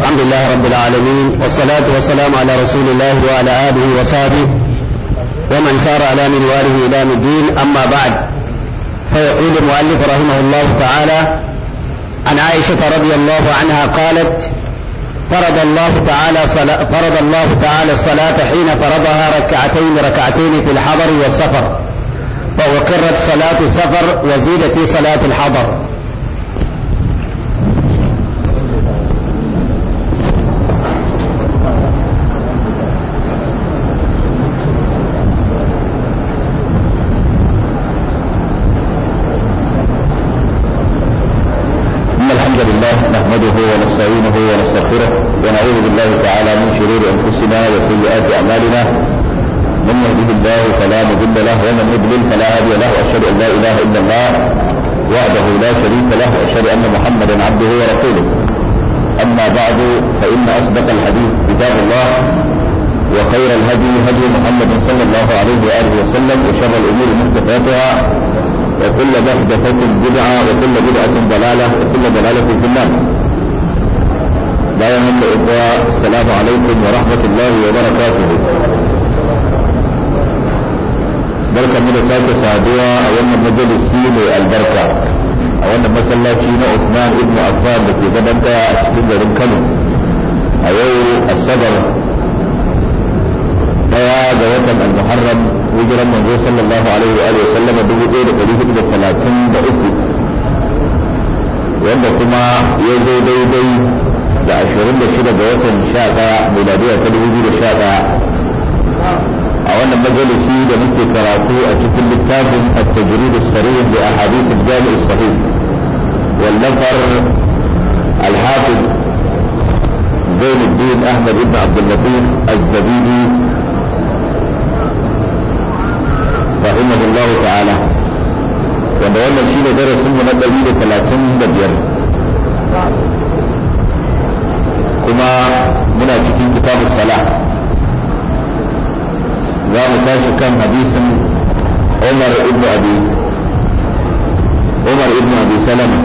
الحمد لله رب العالمين والصلاة والسلام على رسول الله وعلى آله وصحبه ومن سار على منواله إلى الدين أما بعد فيقول المؤلف رحمه الله تعالى عن عائشة رضي الله عنها قالت فرض الله تعالى فرض الله تعالى الصلاة حين فرضها ركعتين ركعتين في الحضر والسفر فأقرت صلاة السفر وزيدت في صلاة الحضر محدة بدعة وكل بدعة ضلالة وكل ضلالة في النار لا يهم الا السلام عليكم ورحمة الله وبركاته بركة من الساكة سعدوة أولنا مجل السيلة البركة أولنا مسألة شينا عثمان ابن أفضل لكي زمن دا شبين دا من كلم أيوه، الصبر جواب المحرم وجرى النبي صلى الله عليه واله وسلم بوجود حديث ابن ثلاثين بأسره وأن كما يزي دي دي لعشرين لشدة جواب شاكا ميلادية كل وجود شاكا أولا مجلسي لمثل كراتو أتكل التاجم التجريد السريع لأحاديث الجامع الصحيح والنفر الحافظ زين الدين أحمد بن عبد اللطيف الزبيدي محمد الله تعالى وبيان شيل درس من الدليل ثلاثين بدير كما من أجل كتاب الصلاة ذا مكاش كان حديث عمر ابن أبي عمر ابن أبي سلمة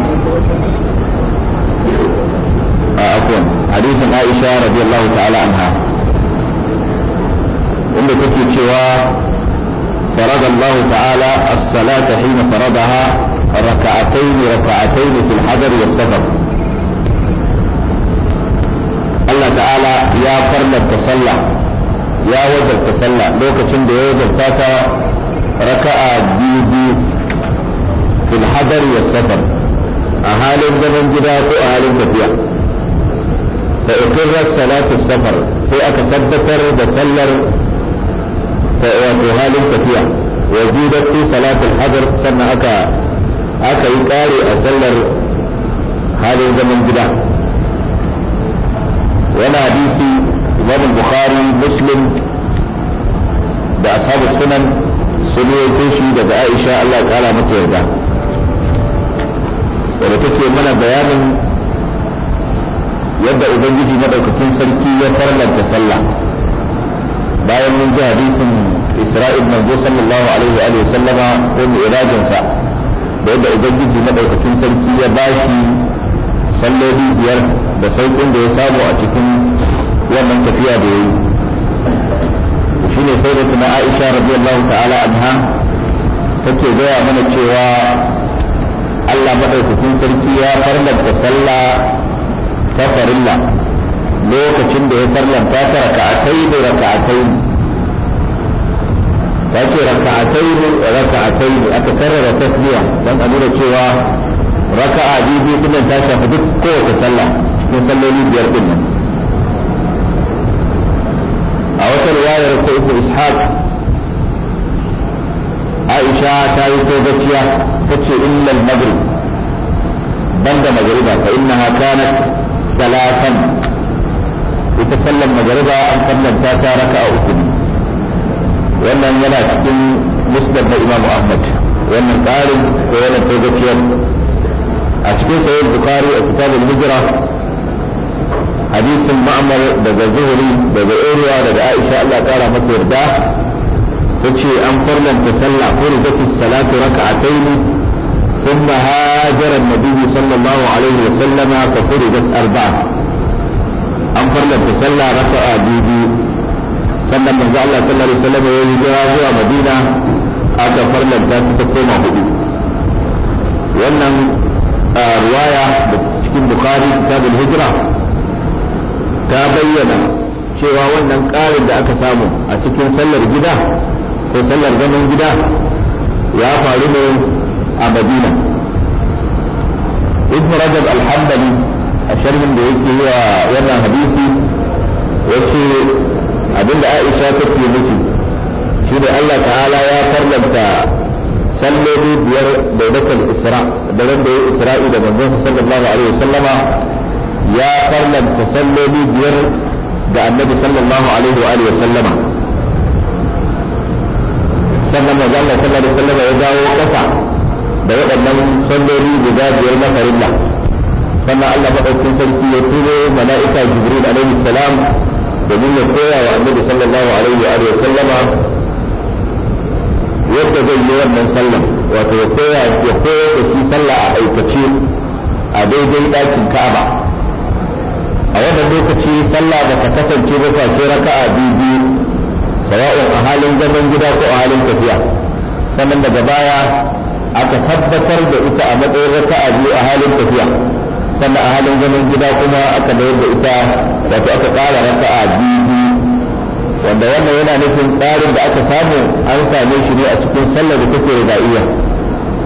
أكون آه، حديث عائشة رضي الله تعالى عنها عندما كنت فرض الله تعالى الصلاة حين فرضها ركعتين ركعتين في الحجر والسفر الله تعالى يا قرن التصلى يا وجه التصلى لوك تند وجه التاتا ركع بيدي في الحجر والسفر أهالي الزمن جداك أهالي الزفية فأقرت صلاة السفر سيأتثبت بسلر وحال tafiya وزيدت في صلاة الحضر سنة أكا أكا يقاري أسلر هذا الزمن جدا وانا حديثي إمام البخاري مسلم بأصحاب السنن سنوي توشي daga Aisha Allah ta'ala mata yarda wanda take mana bayanin yadda ubangiji madaukakin sarki ya farlanta sallah bayan mun ji hadisin isra'il manzo sallallahu alaihi wa alihi sallama ko mi'rajin sa da yadda ubangiji madaukakin sarki ya bashi salloli biyar da sauƙin da ya samu a cikin wannan tafiya da yayi shine sai da kuma Aisha radiyallahu ta'ala anha take gaya mana cewa Allah madaukakin sarki ya farlanta sallah ta farilla lokacin da ya bar ta raka'atai da raka'atai ta ce raka'atai da raka'atai aka karara tasbiya don a nuna cewa raka'a biyu kuma ta shafi duk kowace sallah cikin salloli biyar din nan a wata riwayar ko ibnu ishaq aisha ta yi ko gaciya ta ce illal maghrib banda magriba fa innaha kanat salatan يتسلم مجردها أن قبل ذات ركعة أثنين وأن أن يلا تكون مسلم بإمام أحمد وأن قارب وأن تزكية أشكي سيد بقاري أكتاب الهجرة حديث المعمر بذا زهري بذا إيريا بذا آئشة الله تعالى مطور دا فتشي قرنا تسلع فرضة الصلاة ركعتين ثم هاجر النبي صلى الله عليه وسلم ففرضت أربعة an farlanta sallah rasa biyu sannan manzo Allah sallallahu alaihi wasallam ya yi zuwa Madina aka farlanta ta koma hudu wannan riwaya cikin Bukhari kitabul hijra ta bayyana cewa wannan ƙarin da aka samu a cikin sallar gida ko sallar zaman gida ya faru ne a Madina ibn Rajab al-Hanbali a sharhin da yake yi wa wannan hadisi yace abinda Aisha ta ke nufi shi da Allah ta'ala ya farlanta salloli biyar daidatul isra da ran da ya isra'i da manzon sallallahu alaihi wasallama ya farlanta salloli biyar da annabi sallallahu alaihi wa alihi wasallama sannan manzo Allah sallallahu alaihi wasallama ya dawo kasa da waɗannan salloli guda biyar na farilla sannan Allah madaukakin sarki ya turo mala'ika jibril alaihi salam domin ya koya wa annabi sallallahu alaihi wa sallama yadda zai yi wannan sallah wato ya koya ya koya da shi sallah a aikace a daidai dakin Ka'aba a wannan lokaci sallah ba ta kasance ba face raka'a bibi sawa'un a halin zaman gida ko a halin tafiya sannan daga baya aka tabbatar da ita a matsayin raka'a biyu a halin tafiya sannan a halin zaman gida kuma aka mayar da ita wato aka ƙara raka'a biyu wanda wannan yana nufin tsarin da aka samu an same shi ne a cikin sallar da take rigaiya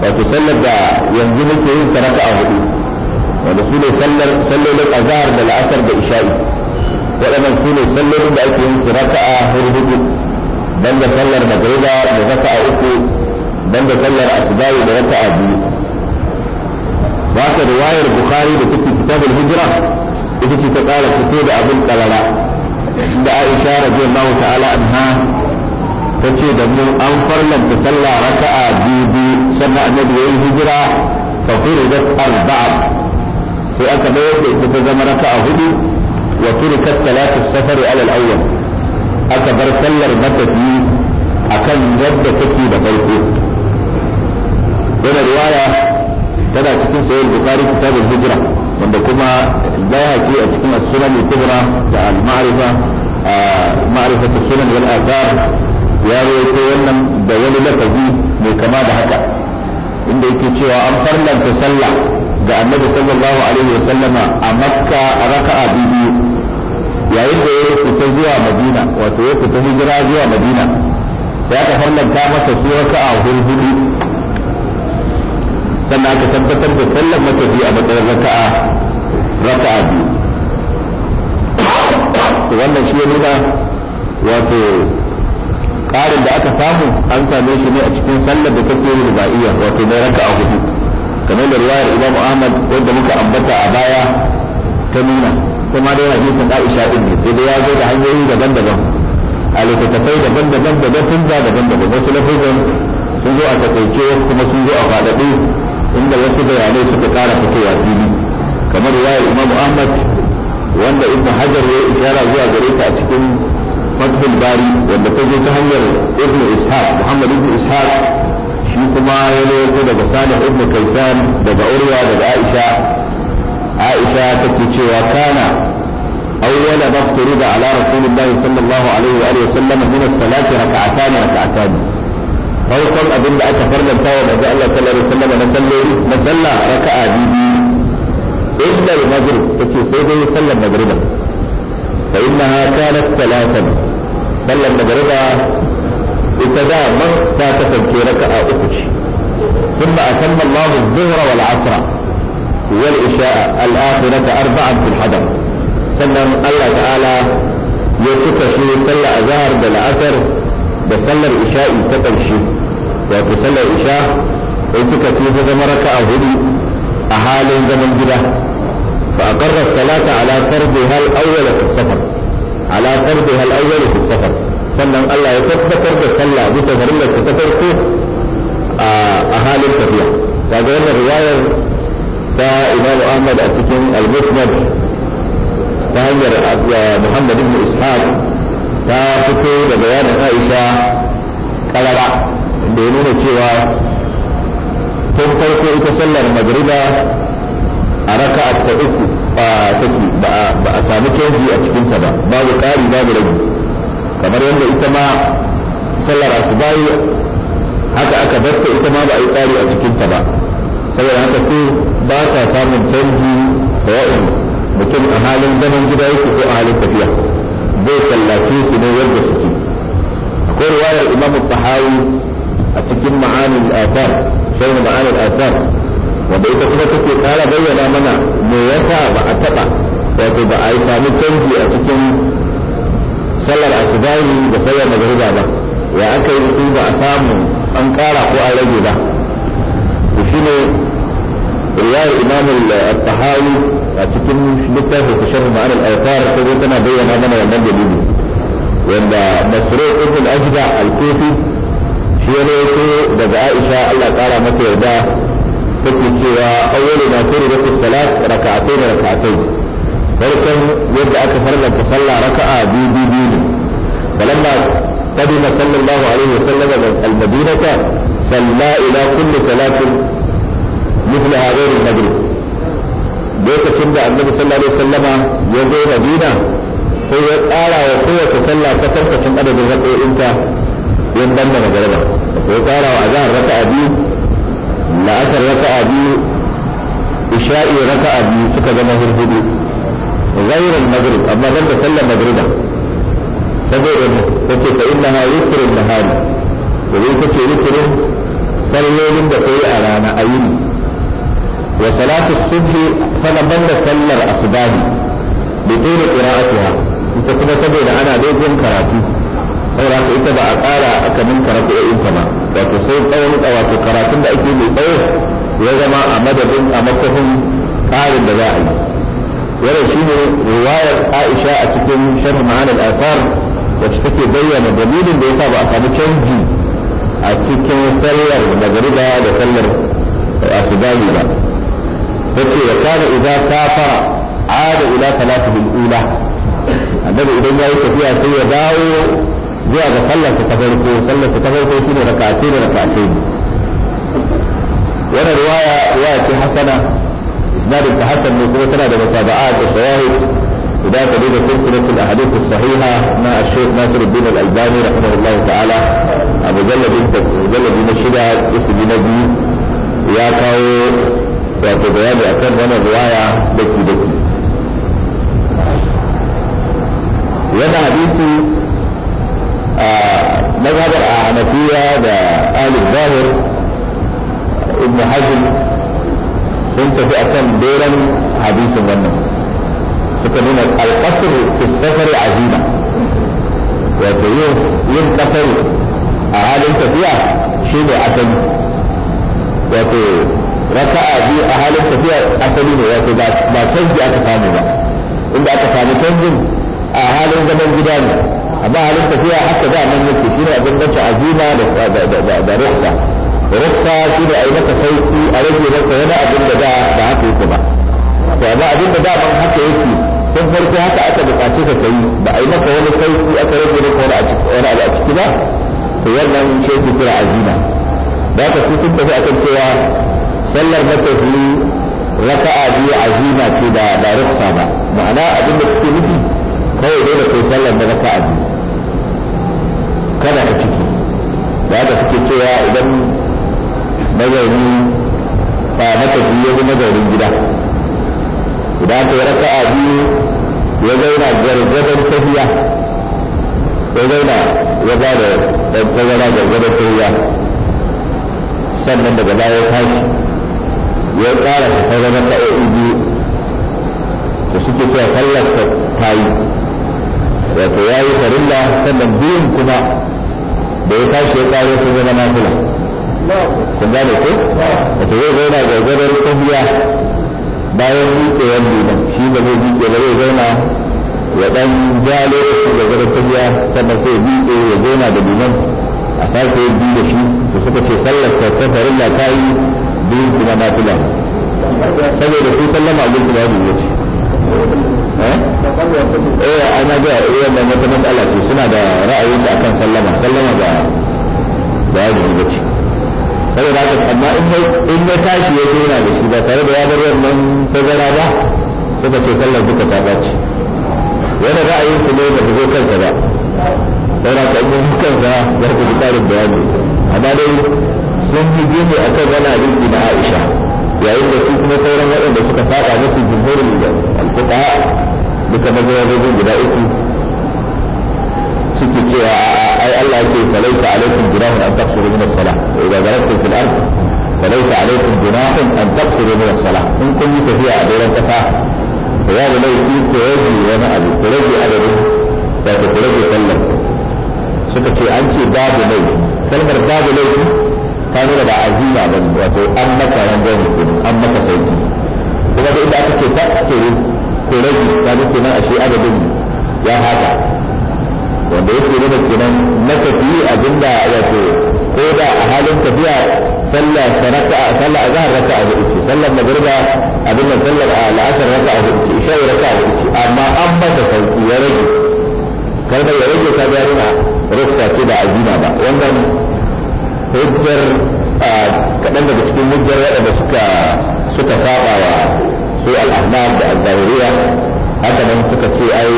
wato sallar da yanzu muke yin ta raka'a hudu wanda su ne sallolin azhar da la'asar da isha'i waɗannan su ne sallolin da ake yin su raka'a hudu banda sallar magriba da raka'a uku banda sallar asubahi da raka'a biyu وهذا رواية البخاري في كتاب الهجرة التي تقال كتير أبو القلالة عند إشارة رضي الله تعالى أنها تشي دبو أنفر لم تسلى ركعة دي دي سمع نبي الهجرة فطردت أربعة سيأتى بيت تتزم ركعة هدو وتركت صلاة السفر على الأول أكبر برسل ربطة دي أكن جد تكي بطيئة إلى رواية tana cikin sahih bukhari kitabul hijira wanda kuma bayhaqi a cikin as-sunan al-kubra da al-ma'rifa ma'rifatu sunan wal athar ya rawaito wannan da wani lafazi mai kama da haka inda yake cewa an farlanta sallah ga annabi sallallahu alaihi wa sallama a makka a raka'a biyu yayin da ya fita zuwa madina wato ya fita hijira zuwa madina sai aka farlanta masa su raka'a hudu sannan aka tabbatar da sallar matafi a matsayin raka'a raka'a biyu wannan shi ya nuna wato ƙarin da aka samu an same shi ne a cikin sallar da take yin ruba'iyya wato mai raka'a hudu kamar da riwayar Imam Ahmad wanda muka ambata a baya ta nuna kuma dai hadisin Aisha din ne sai dai ya zo da hanyoyi daban-daban a littattafai daban-daban da lafuzza daban-daban wasu lafuzan sun zo a takaice kuma sun zo a faɗaɗe inda wasu bayanai suka kara fitowa fili kamar riwayar imam ahmad wanda ibn hajar ya ishara zuwa gare ta a cikin fathul bari wanda ta zo ta hanyar ibn ishaq muhammad ibn ishaq shi kuma ya rawaito daga salih ibn kaisan daga urwa daga aisha aisha take cewa kana أول ما افترض على رسول الله صلى الله عليه وآله وسلم من الصلاة ركعتان ركعتان farkon abin da aka farlanta wa manzo Allah sallallahu alaihi wasallam na sallori na sallah raka'a biyu inda al-maghrib take sai dai sallar magriba fa innaha kanat talatan sallar magriba ita da man ta kasance raka'a uku ce ثم أتم الله الظهر والعصر والعشاء الآخرة أربعا في الحضر سنة الله تعالى يتكشف صلى أزهر بالعصر da sallar isha'i ta ƙarshe wato sallar isha in suka fi ta zama raka a hudu a halin zaman gida fa aqarra salata ala fardiha al-awwal fi safar ala fardiha al-awwal fi safar sannan Allah ya tabbatar da sallah bisa garin da ta farko a halin tafiya kaga wannan riwayar ta Imam Ahmad a cikin al-Musnad ta hanyar Muhammad ibn da ya nuna cewa tun farko ita sallar magriba a raka ta uku ba take ba a sami canji a cikinta ba babu ƙari babu rage kamar yadda ita ma sallar asubahi haka aka barta ita ma ba a yi ƙari a cikinta ba saboda haka ko ba ta samun canji sawa'in mutum a halin zaman gida yake ko a halin tafiya zai sallace su ne yadda suke akwai riwayar imamu tahawi أتكلم معاني الآثار شيء معاني الآثار wanda ita kuma take kara bayyana mana me yasa ba a taba wato ba a yi sami canji a cikin sallar asubahi da sallar magariba ba ya aka yi su ba a samu an kara ko an rage ba to shine riyar imam al-tahawi a cikin littafin sa sharh ma'anar al-aythar ta tana bayyana mana wannan dalili wanda masruq ibn ajda al-kufi يروي daga Aisha Allah kara mata yarda take cewa awwalu ma furidat as-salat rak'atayn rak'atayn farkon yadda aka farlanta sallah raka'a biyu biyu ne balamma قدم صلى الله عليه وسلم المدينة صلى إلى كل صلاة مثلها غير المغرب lokacin da annabi sallallahu alaihi wasallama ya zo madina sai ya tsara wa kowace sallah ta tabbacin adadin raƙo'inta yin da magarba ko kara wa azhar raka'a biyu la'asar raka'a biyu isha'i raka'a biyu suka zama hurhudu magrib amma ban da sallar magriba saboda take ta inna ha yukirin nahari domin take yukirin sallolin da yi a rana a yini wa salatu subhi sana da sallar asbahi bi tuni qira'atiha ita kuma saboda ana dogon karatu saboda haka ita ba a ƙara aka ninka rafi'o'inta ba wato sai tsawon wato karatun da ake mai tsawo ya zama a madadin a makafin ƙarin da za a yi wannan shine riwayar Aisha a cikin sharh ma'an al-athar wacce take bayyana dalilin da yasa ba a samu canji a cikin sallar magriba da sallar asubani ba take ya kana idza safara ada ila salatihi al-ula annabi idan yayi tafiya sai ya dawo zuwa ga sallarsa ta farko sallarsa ta farko shine raka'atai da raka'atai wani riwaya riwaya ce hasana isnadin ta hasan ne kuma tana da mutaba'at da shawahid إذا تريد سلسلة الأحاديث الصحيحة مع الشيخ ناصر الدين الألباني رحمه الله تعالى مجلد مجلد نشيدها اسم نبي يا كاو wato bayani akan wannan riwaya daki daki wannan hadisi مذهب الأعنفية ده آل الظاهر ابن حزم كنت في أكثر حديثا حديث منه فكان القصر في السفر عزيمة وكيف ينتصر أهل انت فيها شبه أسد وكي ركع في أهل انت فيها أسد وكي ما تنجي أتفاني ما إن أتفاني تنجي أهل انت من جدانه amma halin tafiya haka da nan yake shi ne abin da ta azima da ruksa ruksa shi ne a yi maka sauki a rage maka wani abin da da ba haka yake ba to amma abin da daman haka yake tun farko haka aka buƙaci ka kai ba a yi maka wani sauki aka rage maka wani abu a ciki ba to wannan shi yake kira azima da ka sun tafi a kan cewa sallar matafi raka'a biyu azima ce da ba ruksa ba ma'ana abin da kuke nufi kawai dole kai sallar da raka'a biyu kada ka ciki da haka suke cewa idan mazauni ba matafi ya zama zaurin gida idan ka yi a biyu ya zauna gargadar tafiya ya zauna ya ba da tazara gargadar tafiya sannan daga baya ya tashi ya ƙara sauran ta'o'i biyu da suke cewa kallar ta yi wato ya yi farilla sannan biyun kuma da ya tashi ya kare sun zama nafila kun gane ko wato zai zauna gargadar tafiya bayan yan liman shi ba zai miƙe ba zai zauna ya ɗan ja lokacin gargadar tafiya sannan sai miƙe ya zauna da liman a sake yin biyu da shi su suka ce sallar ta farilla ta yi biyun kuma nafila saboda su sallama abin da ya dubi eh ana ga irin da wata matsala ce suna da ra'ayin da akan sallama sallama ba ba ya ji bace saboda haka amma in ya tashi ya dora da shi ba tare da ya bar wannan tazara ba suka ce sallar duka ta bace wani ra'ayin su ne ba ba zo kansa ba saboda haka in mun kansa za ku ji ƙarin bayani amma dai sun yi gini akan wani hadisi na Aisha yayin da su kuma sauran waɗanda suka saba musu jumhurin alfuka duka mazhabin guda uku suke cewa ai Allah yake falaita alaikum junahun an taqsuru min as-salah wa idza darabtum fil ard falaita alaikum junahun an taqsuru min as sala in kun yi tafiya a doron kasa to ya ga laifi ko yaji wani abu ko rage adadin da ko rage sallar suka ce an ce babu laifi kalmar babu laifi ta nuna ba azima ba ne wato an maka rangon hukumi an maka sauki kuma da inda aka ce ta ce ko rage ta nake nan ashe adadin ya haka wanda yake nuna kenan na tafiye abinda wato ko da a halin tafiya sallah saraka a sallah a zahar raka a hudu ce sallar magriba abin da sallar a la'asar raka a hudu ce isha raka a hudu amma an mata sauki ya rage kada ya rage ta ga nuna ruksa ce da azima ba wannan hujjar a kaɗan daga cikin hujjar waɗanda suka suka saba wa su al ahmad da al-zawiriya haka nan suka ce ai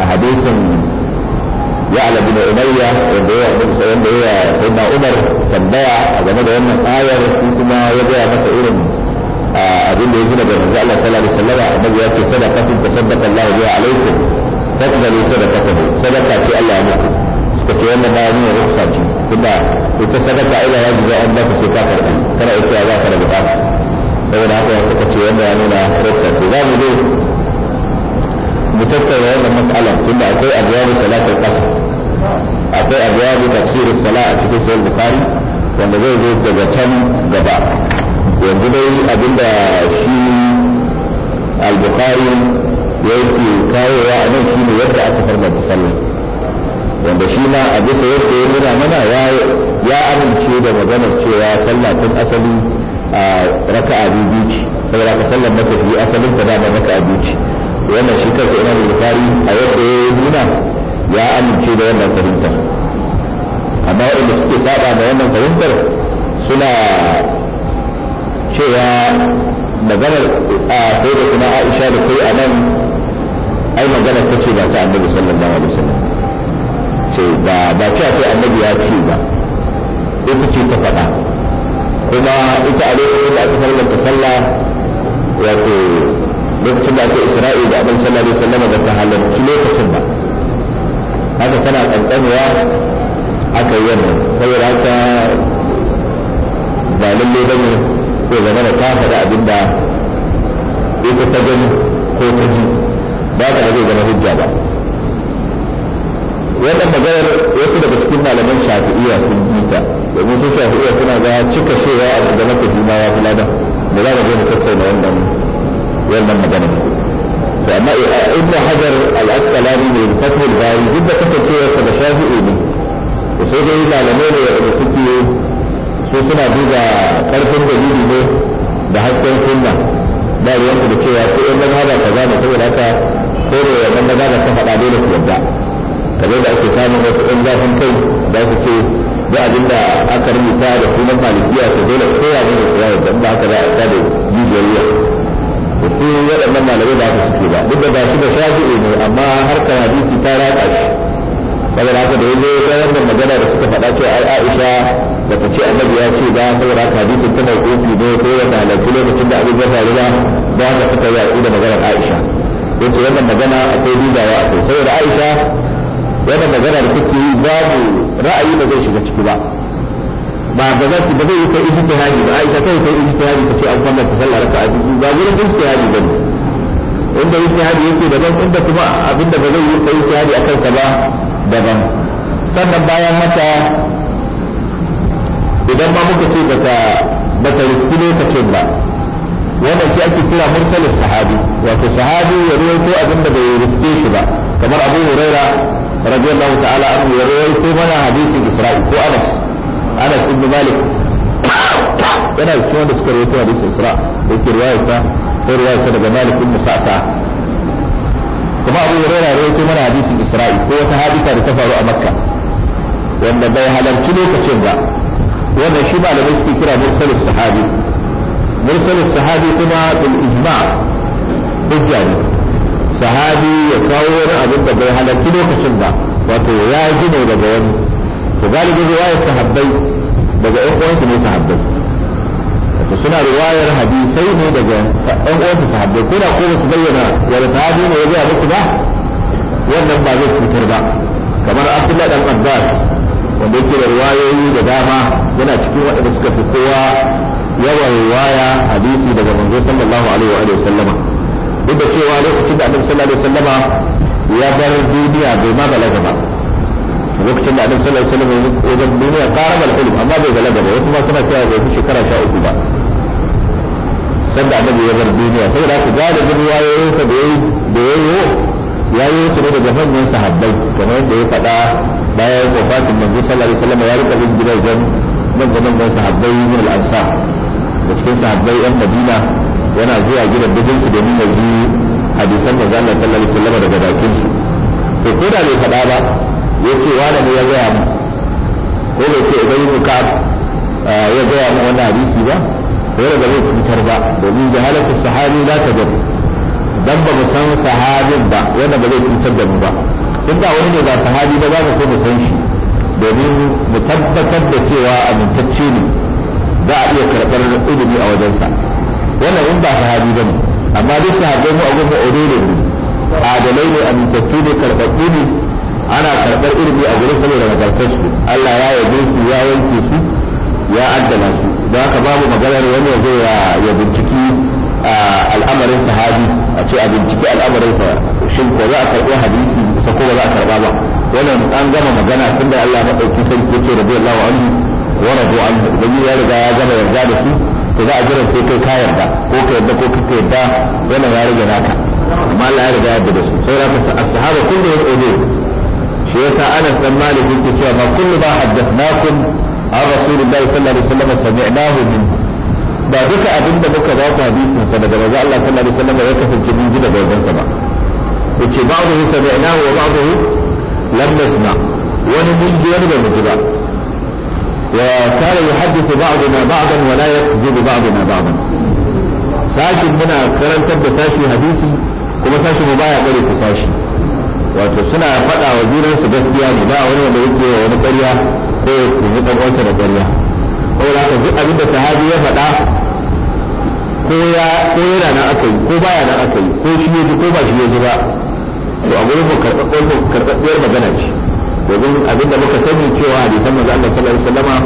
a hadisin ya'la bin umayya wanda ya wanda ya sayyidina umar tambaya a game da wannan ayar shi kuma ya ga masa irin abin da ya gina da manzo Allah sallallahu alaihi wasallam annabi ya ce sadaqatu tasaddaqa Allah biha alaikum faqbalu sadaqatahu sadaqa ce Allah ya muku ka ce wannan ya ni ruksa ce kuma ita sadaka ila wajibi an baka sai ka karɓa kana ita za ka da bukata saboda haka ya suka ce wanda ya nuna rufa ce za mu zo mu tattauna wannan mas'alar tunda akwai abuwa salatul kasa akwai abuwa tafsirin sala a cikin sahih bukhari wanda zai zo daga can gaba yanzu dai abinda shi al-bukhari yake kawowa a nan shine yadda aka farma sallah wanda shi ma a bisa yadda ya nuna mana ya amince da maganar cewa sallah tun asali a raka biyu ce saboda ka sallar matafi asalin ta dama maka biyu ce wannan shi kansa da bukhari a yadda ya nuna ya amince da wannan fahimtar amma waɗanda suke saba da wannan fahimtar suna cewa maganar a sai da kuma aisha da kai a nan ai magana ta ce ba ta annabi sallallahu alaihi wasallam wato ba ba ce sai annabi ya ce ba ita ce ta faɗa kuma ita a lokacin da aka farlanta sallah wato lokacin da aka isra'i da abin sallah da sallama da ta halarci lokacin ba haka tana ƙanƙanuwa aka yi wannan saboda haka ba lalle bane ko zama da ta faɗa abin da ita ta gani ko ta ji ba ka da zai zama hujja ba wannan maganar wasu daga cikin malaman shafi'iyya sun yi ta domin su shafi'iyya suna ga cika cewa a shiga maka juna ya fi lada ba za mu je mu tattauna wannan wannan magana to amma ibnu hajar al-asqalani ne da fatul bari duk da kasancewar sa da shafi'i ne to sai dai malamai ne da suke su suna duba karfin dalili ne da hasken sunna ba ruwanku da cewa ko in mazhaba kaza ne saboda haka ko da wannan mazhaba ta faɗa dole su yadda kaje da ake samun wasu ɗan zafin kai za su ce da abin da aka rubuta da sunan malikiya ta dole ko ya ne da kowa yadda ba ka da a sa da jijiyar da su waɗannan malamai da aka suke ba duk da ba shi da shafi'i ne amma harkar hadisi ta raka shi saboda haka da ya zo ta wannan magana da suka faɗa cewa ai Aisha ba ta ce annabi ya ce ba da hadisi ta na kofi ne ko wanda halarci lokacin da abin ya faru ba ba haka suka yi da maganar Aisha yace wannan magana akwai dubawa akwai saboda Aisha wanda magana da take yi babu ra'ayi da zai shiga ciki ba ba ba za ki ba zai yi ta ijtihadi ba aisha kai ta ijtihadi ta ce an kwanta ta sallar ka abin ba gurin ijtihadi ba ne inda ijtihadi yake daban inda kuma abinda ba zai yi ta ijtihadi a kansa ba daban sannan bayan mata idan ma muka ce bata bata riski lokacin ba wanda shi ake kira mursalin sahabi wato sahabi ya ruwaito abinda bai riske shi ba kamar abu huraira رضي الله تعالى عنه يروي في منا حديث إسرائيل هو أنس أنس بن مالك أنا شو عندك في حديث إسراء في رواية في رواية سيدنا مالك بن مخاصة كما أبو هريرة روي في منا حديث إسرائيل هو تهادي كان تفعل أمكة وأن بيا هذا الكلو كشبة وأن شبة لم يكن كلا مرسل الصحابي مرسل الصحابي كما بالإجماع بالجانب sahabi ya kawo wani abin da bai halarci lokacin ba wato ya ji ne daga wani to galibin riwayar sahabbai daga ɗan uwansu ne sahabbai wato suna riwayar hadisai ne daga ɗan uwansu sahabbai ko da ko ba su bayyana wani sahabi ne ya gaya muku ba wannan ba zai cutar ba kamar abdullah dan abbas wanda yake da riwayoyi da dama yana cikin waɗanda suka fi kowa yawan riwaya hadisi daga manzo sallallahu alaihi wa sallama duk da cewa lokacin da annabi sallallahu alaihi wasallama ya bar duniya bai ma balaga ba lokacin da annabi sallallahu alaihi wasallam ya bar duniya qaraba al-hulm amma bai balaga ba wasu ma suna cewa bai fi shekara 13 ba sanda annabi ya bar duniya saboda haka galibin wayoyin sa da yayi ya yi su ne daga manyan sahabbai kamar yadda ya faɗa bayan wafatin manzo sallallahu alaihi wasallam ya rika bin gidajen manzo manzon sahabbai min al-ansar da cikin sahabbai yan madina yana zuwa gidan dubin su domin ya ji hadisan manzo Allah sallallahu alaihi wasallam daga bakin su to ko da bai faɗa ba yace wani ne ya gaya mu ko da ke idan yi ka ya gaya mu wannan hadisi ba ko da zai cutar ba domin jahalatu sahabi za ta gani dan ba mu san sahabin ba wanda ba zai cutar da mu ba Tun da wani ne ba sahabi ba za ka so mu san shi domin mu tabbatar da cewa amintacce ne za a iya karɓar ilimi a wajensa wannan in ba sahabi bane amma duk sahabbai mu a gurin odole ne adalai ne a amintattu ne karɓaɓɓu ne ana karɓar ilimi a gurin saboda nagartar su Allah ya yabe su ya wanke su ya addana su don haka babu maganar wani ya zo ya binciki al'amarin sahabi a ce a binciki al'amarin sa shin ko za a karɓi hadisi sa ko ba za a karɓa ba wannan an gama magana tunda Allah madauki sarki yake radiyallahu anhu wa radu anhu idan ya riga ya gama yarda da su to za a jira sai kai ka yarda ko ka yarda ko ka yarda wannan ya rage naka amma Allah ya riga yarda da su sai za ka as-sahaba kullu yaqulu shi yasa Anas dan Malik yake cewa ma kullu ba haddathnakum an rasulullahi sallallahu alaihi wasallam sami'nahu min ba duka abinda muka ba ku hadisin sa daga manzo Allah sallallahu alaihi wasallam ya kasance mun ji da wajen sa ba yace ba'dahu sami'nahu wa ba'dahu lam nasma' wani mun ji wani ba mu ji ba وكان يحدث بعضنا بعضا ولا يكذب بعضنا بعضا sashin muna karantar da sashi hadisi kuma sashi mu baya kare ta sashi wato suna faɗa wa junansu gaskiya ne ba wani wanda yake wa wani ƙarya ko ya kuma ɗan'uwansa da ƙarya saboda haka duk abin da sahabi ya faɗa ko yana nan aka yi ko baya nan aka yi ko shi ya ji ko ba shi ya ji ba to a gurin karɓaɓɓiyar magana ce domin abinda muka sani cewa hadisan maza Allah sallallahu alaihi wasallama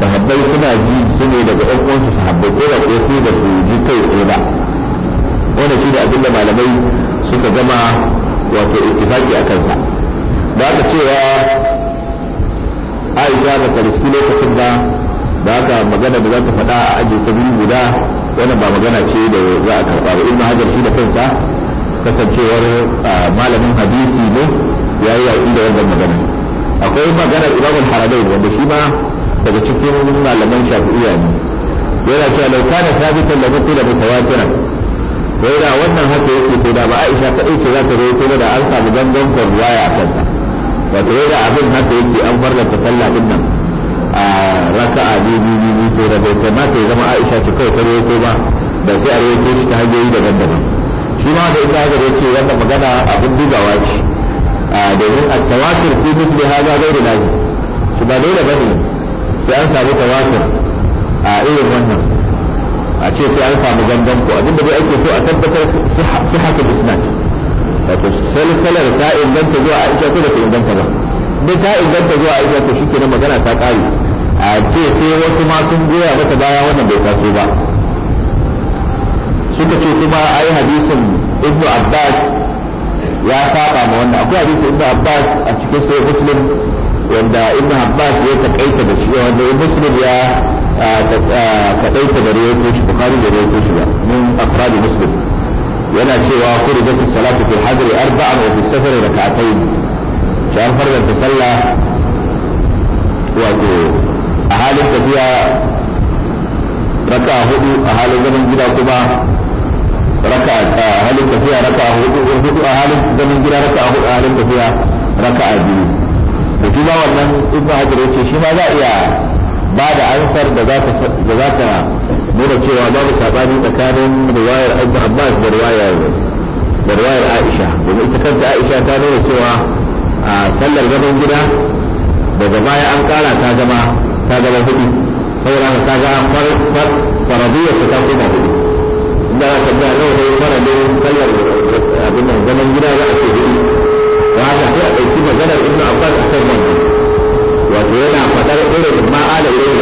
sahabbai suna ji su ne daga ɗan uwansu sahabbai ko da ko su da su ji kai tsaye ba shi da abinda malamai suka gama wato ittifaki a kansa da aka cewa Aisha ba ta riski lokacin ba da aka magana da za ta faɗa a ajiye ta biyu guda wannan ba magana ce da za a karɓa ba ibnu hajar shi da kansa kasancewar ah, malamin hadisi ne ya yi yaƙi da wannan magana akwai magana imamul haramai wanda shi ma daga cikin malaman shafi'iyya ne yana cewa lau kana sabitan da mutu da mutawatiran wai wannan haka yake to da ba Aisha ta dace za ta rawaito da an samu gangan riwaya a kansa wato wai abin haka yake an da sallah din nan a raka'a ne ne ne to da bai kamata ya zama Aisha ce kawai ta rawaito ba da sai a rawaito shi ta hanyoyi daban-daban shi ma da ita haka yake wannan magana abin dubawa ce domin a tawatur fi duk da haza zai da lafi su ba dole ba ne sai an samu tawatur a irin wannan a ce sai an samu gangan ko abin da dai ake so a tabbatar su haka bisna wato salsalar ta inganta zuwa a isha ko da ta inganta ba duk ta inganta zuwa a isha ko shi kenan magana ta ƙare a ce sai wasu ma sun goya mata baya wannan bai taso ba suka ce kuma a yi hadisin ibnu abbas ya saba ma wannan akwai hadisi ibnu abbas a cikin sai muslim wanda ibnu abbas ya takaita da shi wanda muslim ya kadaita da rawaito shi bukhari da rawaito shi ba mun afradi muslim yana cewa kuridat as-salatu fil hadr arba'a wa fis safar rak'atayn shan farda sallah wato a halin tafiya raka hudu a halin zaman gida kuma raka a halin tafiya raka hudu a halin zaman gida raka hudu a halin tafiya raka a biyu da shi ma wannan ibn hajar yace shi ma za a iya ba da ansar da za ta nuna cewa babu sabani tsakanin riwayar ibn abbas da riwayar da riwayar aisha domin ita kanta aisha ta nuna cewa a sallar zaman gida daga baya an kara ta zama ta zama hudu saboda haka ta ga faradiyar ta kuma hudu da aka ga nawa ne fara da sallar abin nan zaman gida za a ce hudu da ta sai a ɗauki maganar ibn abbas a kan wannan wato yana faɗar irin ma'ala irin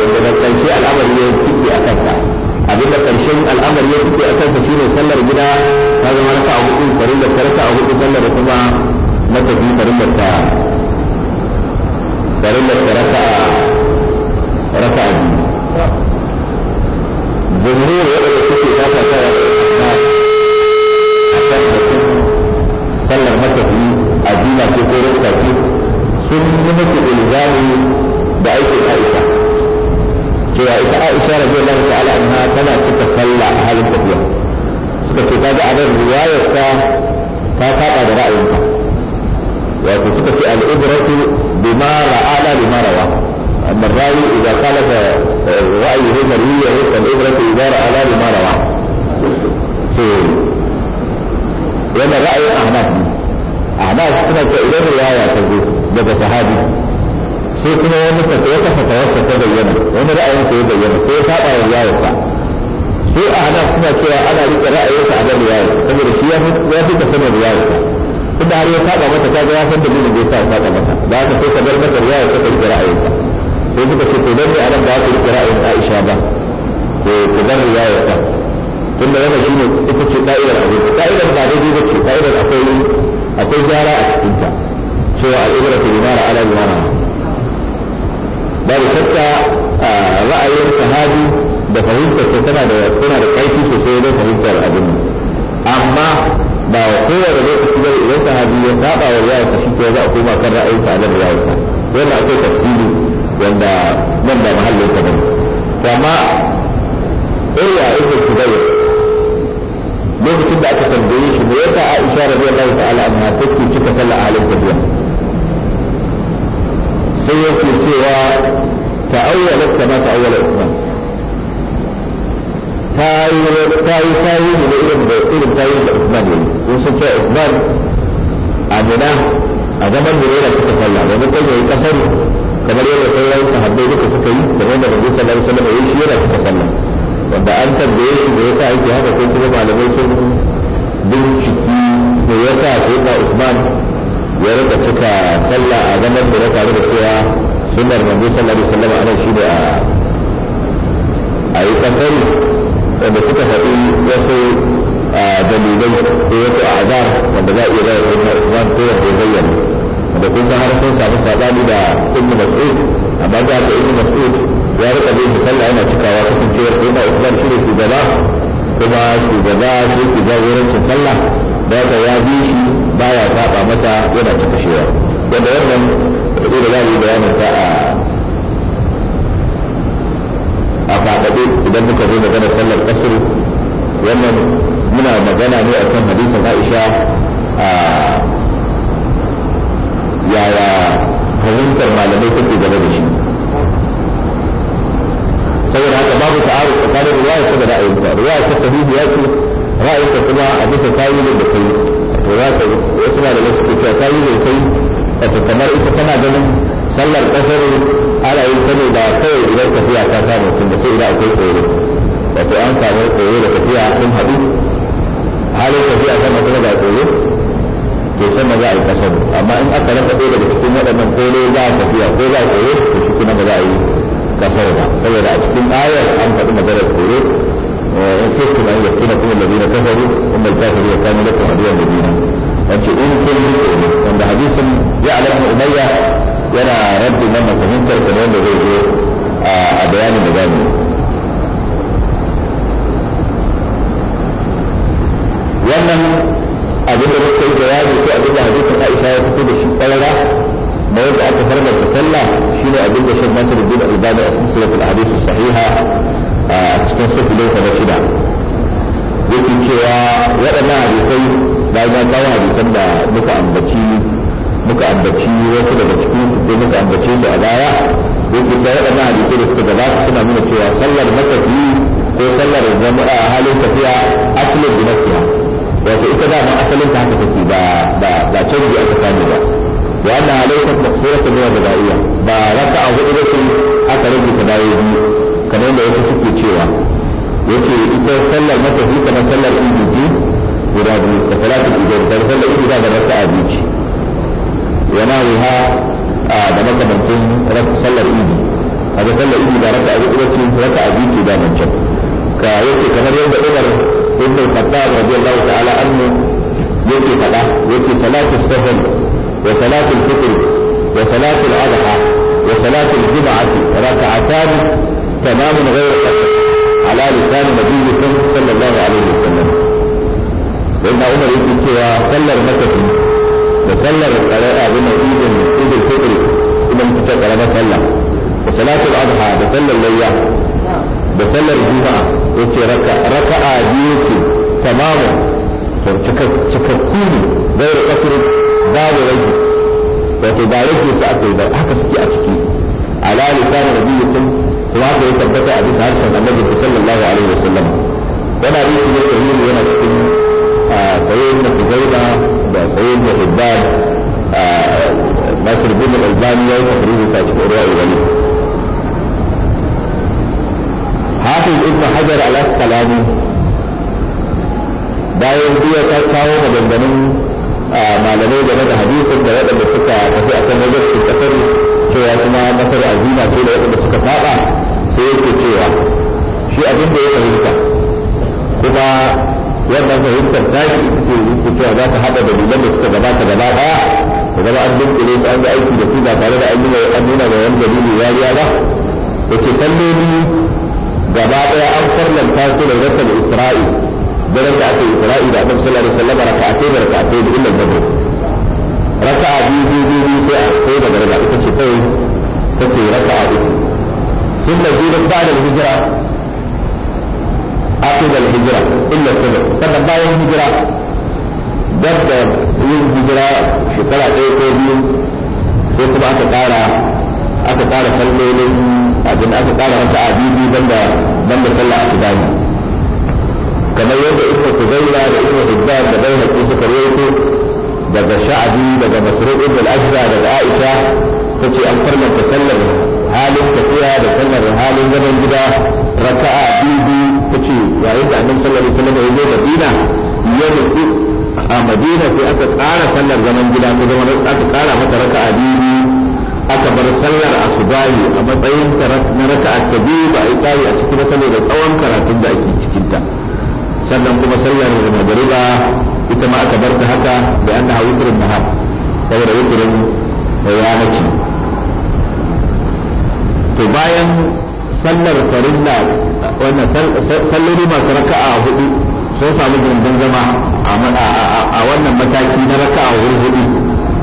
wanda da ƙarshe al'amari ya tuke a kansa abin da ƙarshen al'amari ya tuke a kansa shine sallar gida ta zama ta a hudu farin da ta raka a hudu sallar da kuma matafi farin da ta farin da ta raka raka a biyu zanne da waɗanda suke fata tara a kan batun sallar matafi a dina ko ko rasta ce sun yi masa ilzami da aikin aisha cewa ita aisha radiyallahu ta'ala anha tana cika salla a halin tafiya suka ce kaga a nan riwayar ta ta faɗa da ra'ayinta wato suka ce al'ibratu bima ra'ala bima rawa أما الرأي إذا خالف آه، رأي هنا هي يعني هيك الإبرة إدارة على ما روى وما رأي أعناف أعناف كنا تأذن الآية تقول بدا صحابي سي كنا يومي تتوقع فتوسط تبينا وما رأي أنت يبينا سي فاقع الآية صح سي أعناف كنا ترى أنا لك رأي يسع على الآية سمير الشيخ وفي تسمى الآية صح كنا عليه فاقع ما تتاقع يا سنبلين الجيسا فاقع ما تتاقع لا تتوقع برمك الآية تتوقع sai suka ce to dan ne anan ba ku rike ra'ayin Aisha ba ko ku zan riwayar ta tunda wannan shine ita ce da'ira abinci da'ira ba daidai ba ce da'ira akwai akwai gyara a cikin ta cewa al'ibra ta bimara ala bimara babu shakka ra'ayin sahabi da fahimtar sa tana da tana da kaifi sosai wajen fahimtar abin amma ba kowane lokaci bane idan sahabi ya saba wa riwayarsa shi ko za a koma kan ra'ayin sa akan riwayarsa wannan akwai wanda nan da mahallin ka bane amma irwa ibn Zubair lokacin da aka tambaye shi me yasa Aisha radiyallahu ta'ala anha take cika sallah a halin tafiya sai yake cewa ta'awwalat kama ta'awwala Uthman tayi tayi tayi da irin da irin tayi da Uthman ne sun ce Uthman a gida a zaman da yana cika sallah da mutum yayi kasar kamar yadda sauran sahabbai duka suka yi kamar da manzo sallallahu alaihi wasallam yi shi yana cika sallah wanda an tabbaye shi da yasa ake haka ko kuma malamai sun binciki da yasa sayyidina Usman ya rika cika sallah a zaman da ya tare da cewa sunnar manzo sallallahu alaihi wasallam ana shi da a yi kasari wanda suka faɗi wasu dalilai ko wasu azar wanda za a iya bayar da Usman ko wanda ya bayyana da kun har sun samu sabani da ibnu mas'ud amma da ibnu mas'ud ya rika bin sallah yana cikawa kasancewar ko da usman shi ne shugaba kuma shugaba shi ke jagorancin sallah da ga ya bi shi baya saba masa yana cika shewa wanda wannan da za yi bayanin a a faɗaɗe idan muka zo magana sallar kasur wannan muna magana ne akan hadisin Aisha a yaya fahimtar malamai take game da shi saboda haka babu ta'aru tsakanin ruwaya ta da ra'ayin ta ruwaya ta sahihi ya ce ra'ayin ta kuma a bisa tawilin da kai to za ka wasu malamai suke cewa tawilin kai wato kamar ita tana ganin sallar kasar ana yin ta ne ba kawai idan tafiya ta samu tunda sai idan akwai tsoro wato an samu tsoro da tafiya sun haɗu halin tafiya sama kuma ga tsoro to sannan za a yi kasar amma in aka rasa ɗaya daga cikin waɗannan ko ne za a tafiya ko za a koyo to shi kuma ba za a yi kasar ba saboda a cikin ayar an faɗi maganar koyo eh, in kuntum an yakuna kuma alladhina kafaru kuma al-kafiru yakunu lakum aduwwan mubina wace in kun yi wanda hadisin ya alamu umayya yana rabbi nan fahimtar da wanda kirkire su an ga aiki da su ba tare da an nuna an nuna da wani dalili wariya ba da ke salloli gaba ɗaya an farlanta su da rasul isra'i da raka ake isra'i da annabi sallallahu alaihi wasallam raka'atai da raka'atai da illan badr raka'a biyu biyu biyu sai a sai da garga ita ce kai take raka'a uku ثم زيدت بعد الهجرة عقد الهجرة إلا السبب فقد بايع الهجرة بدأ yin hijira shekara ɗaya ko biyu ko kuma aka ƙara aka ƙara sallolin abin aka ƙara raka a bibi banda banda sallah a tubani kamar yadda ibnu kuzaila da ibnu hibban da bai haƙi suka rawaito daga sha'abi daga masruq ibn al-ajda daga aisha tace an farlanta sallar halin tafiya da sallar halin zaman gida raka'a bibi tace yayin da annabi sallallahu alaihi wasallam ya zo Madina ya nufi a madina sai aka tsara sallar zaman gida ta zama aka tsara mata raka a biyu aka bar sallar asubahi a matsayin na raka a ta biyu ba a yi tsari a cikin saboda tsawon karatun da ake cikinta sannan kuma sallar magariba ita ma aka bar ta haka da an na wutirin saboda wutirin da ya mace to bayan sallar farilla wannan salloli masu raka'a hudu sun samu gindin zama a wannan mataki na raka a wurin hudu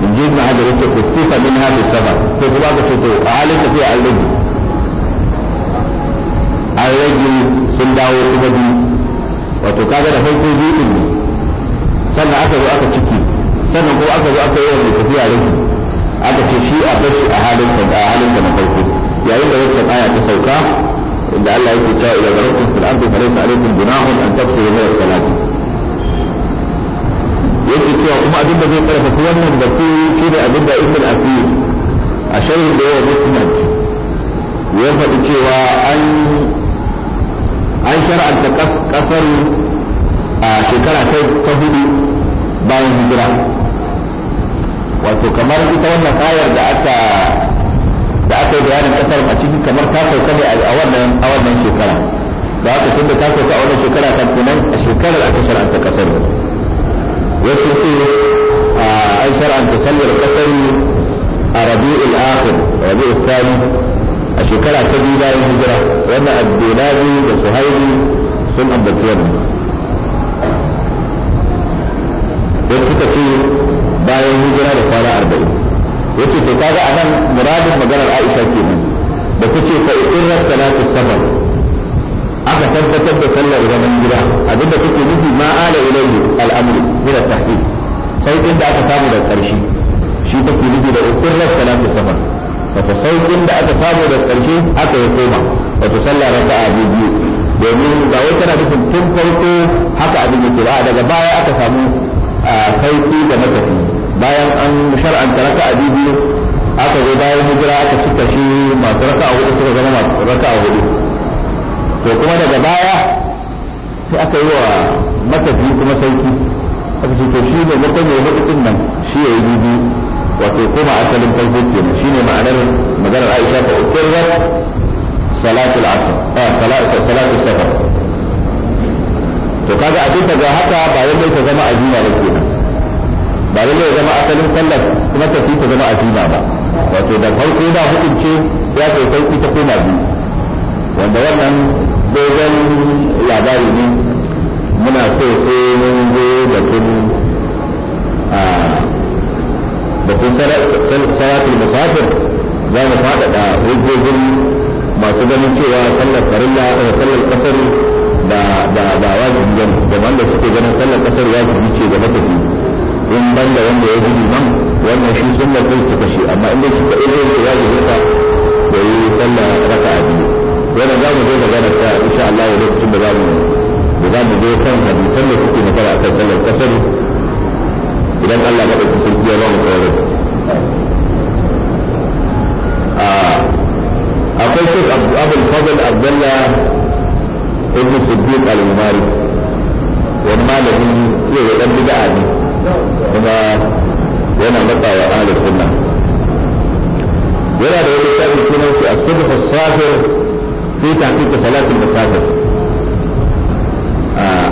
in ji na hajjar yake ku tuka min hafi saba ko kuma ka ce to a halin tafiya an rage an rage sun dawo kuma biyu wato kaga da farko biyu ne sannan aka zo aka ciki sannan kuma aka zo aka yi wa mai tafiya rage aka ce shi a bashi a halin ta na farko yayin da wata aya ta sauka inda Allah yake ta ila zarakum fil ardi falaysa alaykum gunahun an taqsuru min as-salati yake cewa kuma abin da zai karfafa wannan da ku shi ne abin da ibn asir a sharhin da yawa musnad ya faɗi cewa an an shar'anta kasar a shekara ta hudu bayan hijira wato kamar ita wannan ayar da aka da aka yi bayanin kasar a cikin kamar ta sauka ne a wannan a wannan shekara da aka tunda ta sauka a wannan shekara ta kuma a shekarar aka shar'anta kasar wasu ce an shar'anta sallar kasar a rabi'ul akhir rabi'ul thani a shekara ta biyu bayan hijira wannan abdullahi da suhaili sun ambaci wannan don suka ce bayan hijira da kwana yake to kaga anan muradin maganar Aisha kenan da kace fa irra salatu sabr aka tabbatar da sallar zaman gida abinda kake nufi ma ala ilayhi al amr min tahdid sai din da aka samu da karshe shi take nufi da irra salatu sabr wato din da aka samu da karshe aka yi koma wato sallar raka'a biyu domin ba wai tana nufin tun farko haka abin yake ba daga baya aka samu sauki da matafi bayan an shar'anta raka a biyu aka zo bayan hijira aka cika shi masu raka a hudu suka zama masu raka a hudu to kuma daga baya sai aka yi wa matafi kuma sauki aka ce to shi ne mutum ya hudu din nan shi ya yi bibi wato kuma asalin farko kenan shine ma'anar maganar Aisha ta ukkurrat salatul asr ah salatul safar to kaga a ta ga haka ba lallai ta zama a azima ba kenan ba da zai zama asalin sallar kuma tafi ta zama asina ba wato da farko da hukunce ya kai sauki ta koma biyu wanda wannan dogon labari ne muna so so mun zo da kun da kun salatul musafir za mu faɗaɗa hujjojin masu ganin cewa sallar farilla eh, da sallar kasar da da wajibi ne da wanda suke ganin sallar kasar wajibi ce da biyu. in banda wanda ya gudu nan wannan shi sunna zai suka shi amma in shi ka irin ya gudu ka da yi sallah raka a biyu wannan za mu zo magana ta insha Allah lokacin da za mu da za mu zo kan hadisan da kuke magana akan sallar kasar idan Allah madaukakin sarki ya ba mu tsare akwai shek abul fadl abdullah ibn siddiq al-umari wani malami yau ya dan bid'a ne kuma yana matsa wa ahlul sunna yana da wani tafi sunan shi a subh safir fi tahqiq salat al-musafir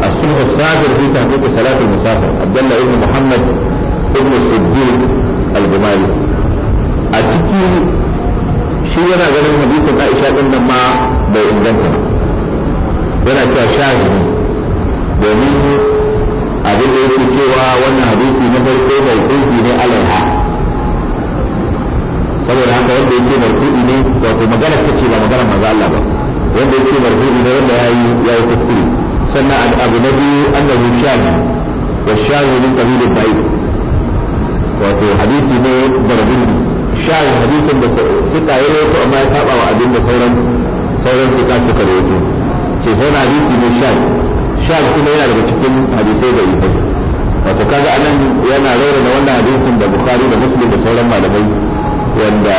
الصبح الصادر في تحقيق صلاة المسافر عبد الله بن siddiq al الصديق a ciki shi yana ganin hadisin Aisha din nan ma bai inganta ba yana cewa shahidi domin abin da yake cewa wannan hadisi na farko mai kunki ne alaiha saboda haka wanda yake marfu'i ne wato magana ta ce ba magana maza Allah ba wanda yake marfu'i ne wanda ya yi ya yi kuskure sannan an abu na biyu an annabi shahi wa shahi min qabilil ba'id wato hadisi ne darabin shahi hadisin da suka yi ko amma ya saba wa abin da sauran sauran suka suka rawaito ce sauran hadisi ne shahi shaz kuma yana daga cikin hadisai da yi wato kaga anan yana da wannan hadisin da bukhari da muslim da sauran malamai wanda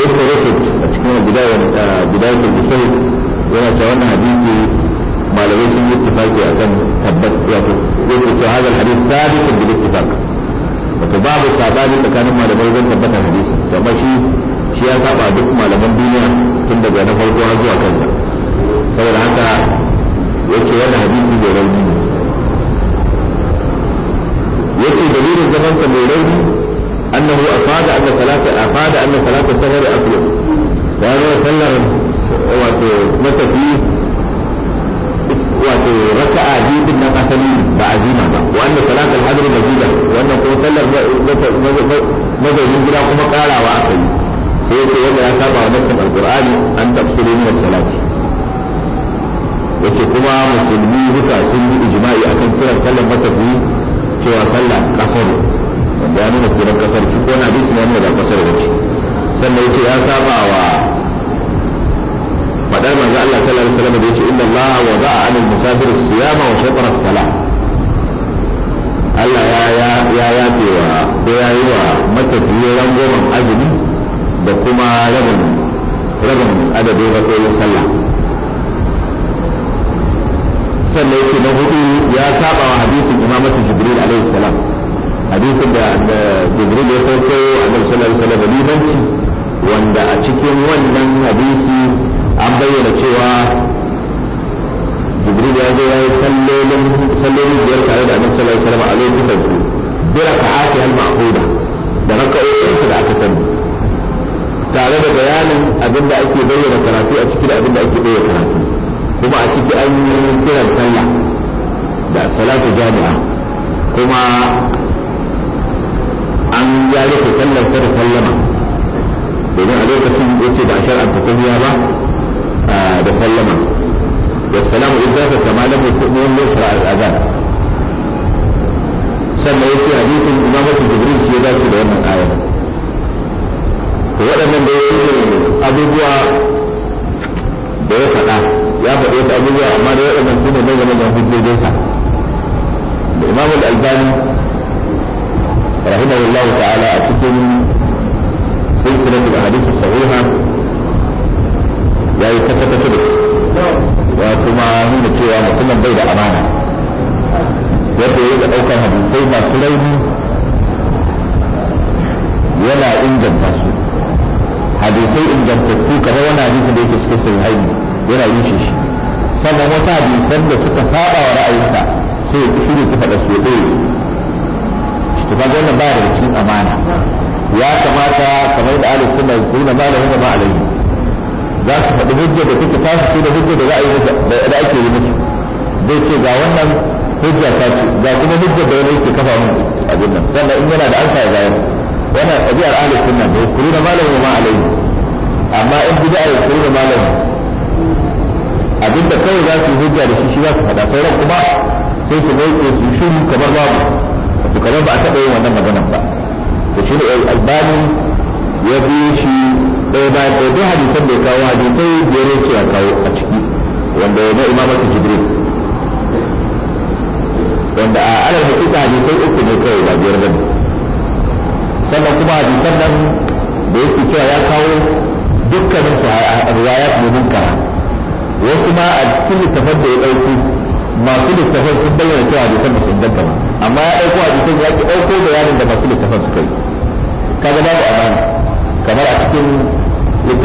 ibn rufe a cikin bidayar bidayar da bisai yana cewa wannan hadisi malamai sun yi tafaki a kan tabbat wato zai ce to hadal hadis sabit da ittifaq wato babu sabani tsakanin malamai zan tabbatar hadisi to amma shi shi ya saba duk malaman duniya tun daga na farko har zuwa kansa saboda haka yake wani hadisi mai rauni yake dalilin zaman sa mai rauni annahu afada anna salata afada anna salata safari aflu da ya zama sallar wato matafi wato raka'a biyu din nan asali ba azima ba wa anna salatul hadr majida wannan kuma sallar mazaunin gida kuma karawa aka yi sai yake wanda ya saba wa nassin alqur'ani an tafsirin min salati yake kuma musulmi duka sun yi ijma'i akan kiran sallar matafi cewa sallah kasar wanda ya nuna kiran kasar ki ko na bisu ne wanda da kasar wace sannan yake ya saba wa fadar manzo Allah sallallahu alaihi wasallam da yake inna Allah wada'a 'anil musafir siyama wa shatr as-salah Allah ya ya ya ya wa ko ya yi wa matafiya rangwamen azumi da kuma rabin rabin adadin rakoyin sallah sannan yake na hudu ya saba wa hadisin imamatu jibril alaihi salam hadisin da jibril ya sauko a nan sallallahu alaihi wanda a cikin wani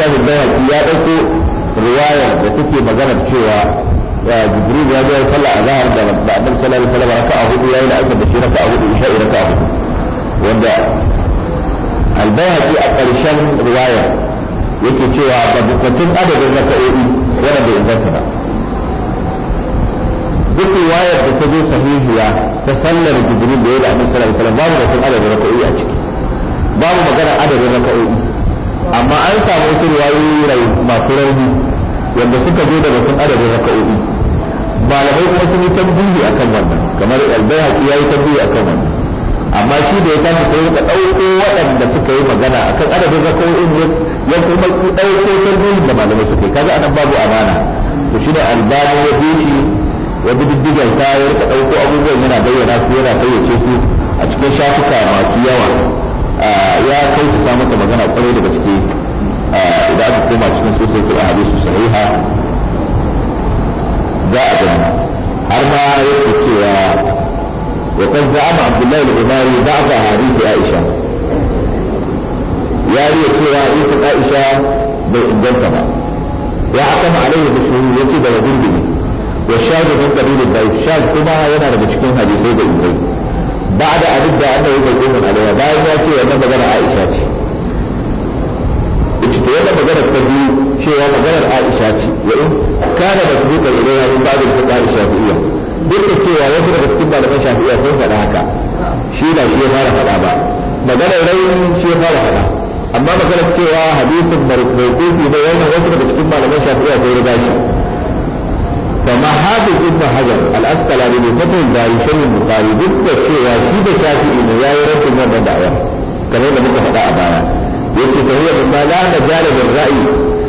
الكتاب البيان يا أكو رواية بتكي مجانا بشيوة جبريل رجاء صلى الله عليه وسلم بعد صلى الله عليه وسلم ركعه إلا إلا أكو بشي ركعه إشاء ركعه وده البيان في أقلشان رواية يكي شيوة بكتب أدى بذلك إيه وانا بإذن duk riwayar da ta zo sahihiya ta sallar jibril da ya da annabi sallallahu alaihi wasallam babu da kuma adadin raka'o'i a ciki babu magana amma an samu wasu riwayoyi rai masu rauni wanda suka zo daga sun adadin raka'o'i malamai kuma sun yi tambayi akan wannan kamar albai haƙi ya yi tambayi akan wannan amma shi da ya tafi sai ya ɗauko waɗanda suka yi magana akan adadin raka'o'in ya kuma ɗauko tambayin da malamai suke kaga anan babu amana to shi da albani ya bi shi ya bi diddigan sa ya rika ɗauko abubuwan yana bayyana su yana fayyace su a cikin shafuka masu yawa ya kyautata masa magana kwarai da gaske idan aka koma cikin sosai kuma hadisu sahiha za a gani har ma yake cewa wa kan za'ama abdullahi al-umari ba'da hadisi aisha ya riya cewa hadisi aisha bai inganta ba ya akama alaihi da shi yake da gurbi wa shahid min qabil al-bayt shahid kuma yana daga cikin hadisai da inganta بعد أن ادعى أنه مجنون عليها بعد ما في أنه مجنى عائشة اتتوى مجنى التدليل شيء مجنى عائشة وإن كان مسبوقا إليها من بعد الفتاة الشافعية duk da cewa wasu daga cikin malaman shafi'iyya sun faɗa haka shi na shi ya fara faɗa ba magana rayin shi ya fara faɗa amma magana cewa hadisin mai kofi da yana wasu daga cikin malaman shafi'iyya sai ya ba shi فما هذا ابن حجر الأسقلاني من فتح الباري شرح البخاري ضد الشيعة شيد شافعي إنه يا رب من الدعوة كما هذا ممكن فقاء يكي يكتب فهي مما لا مجال للرأي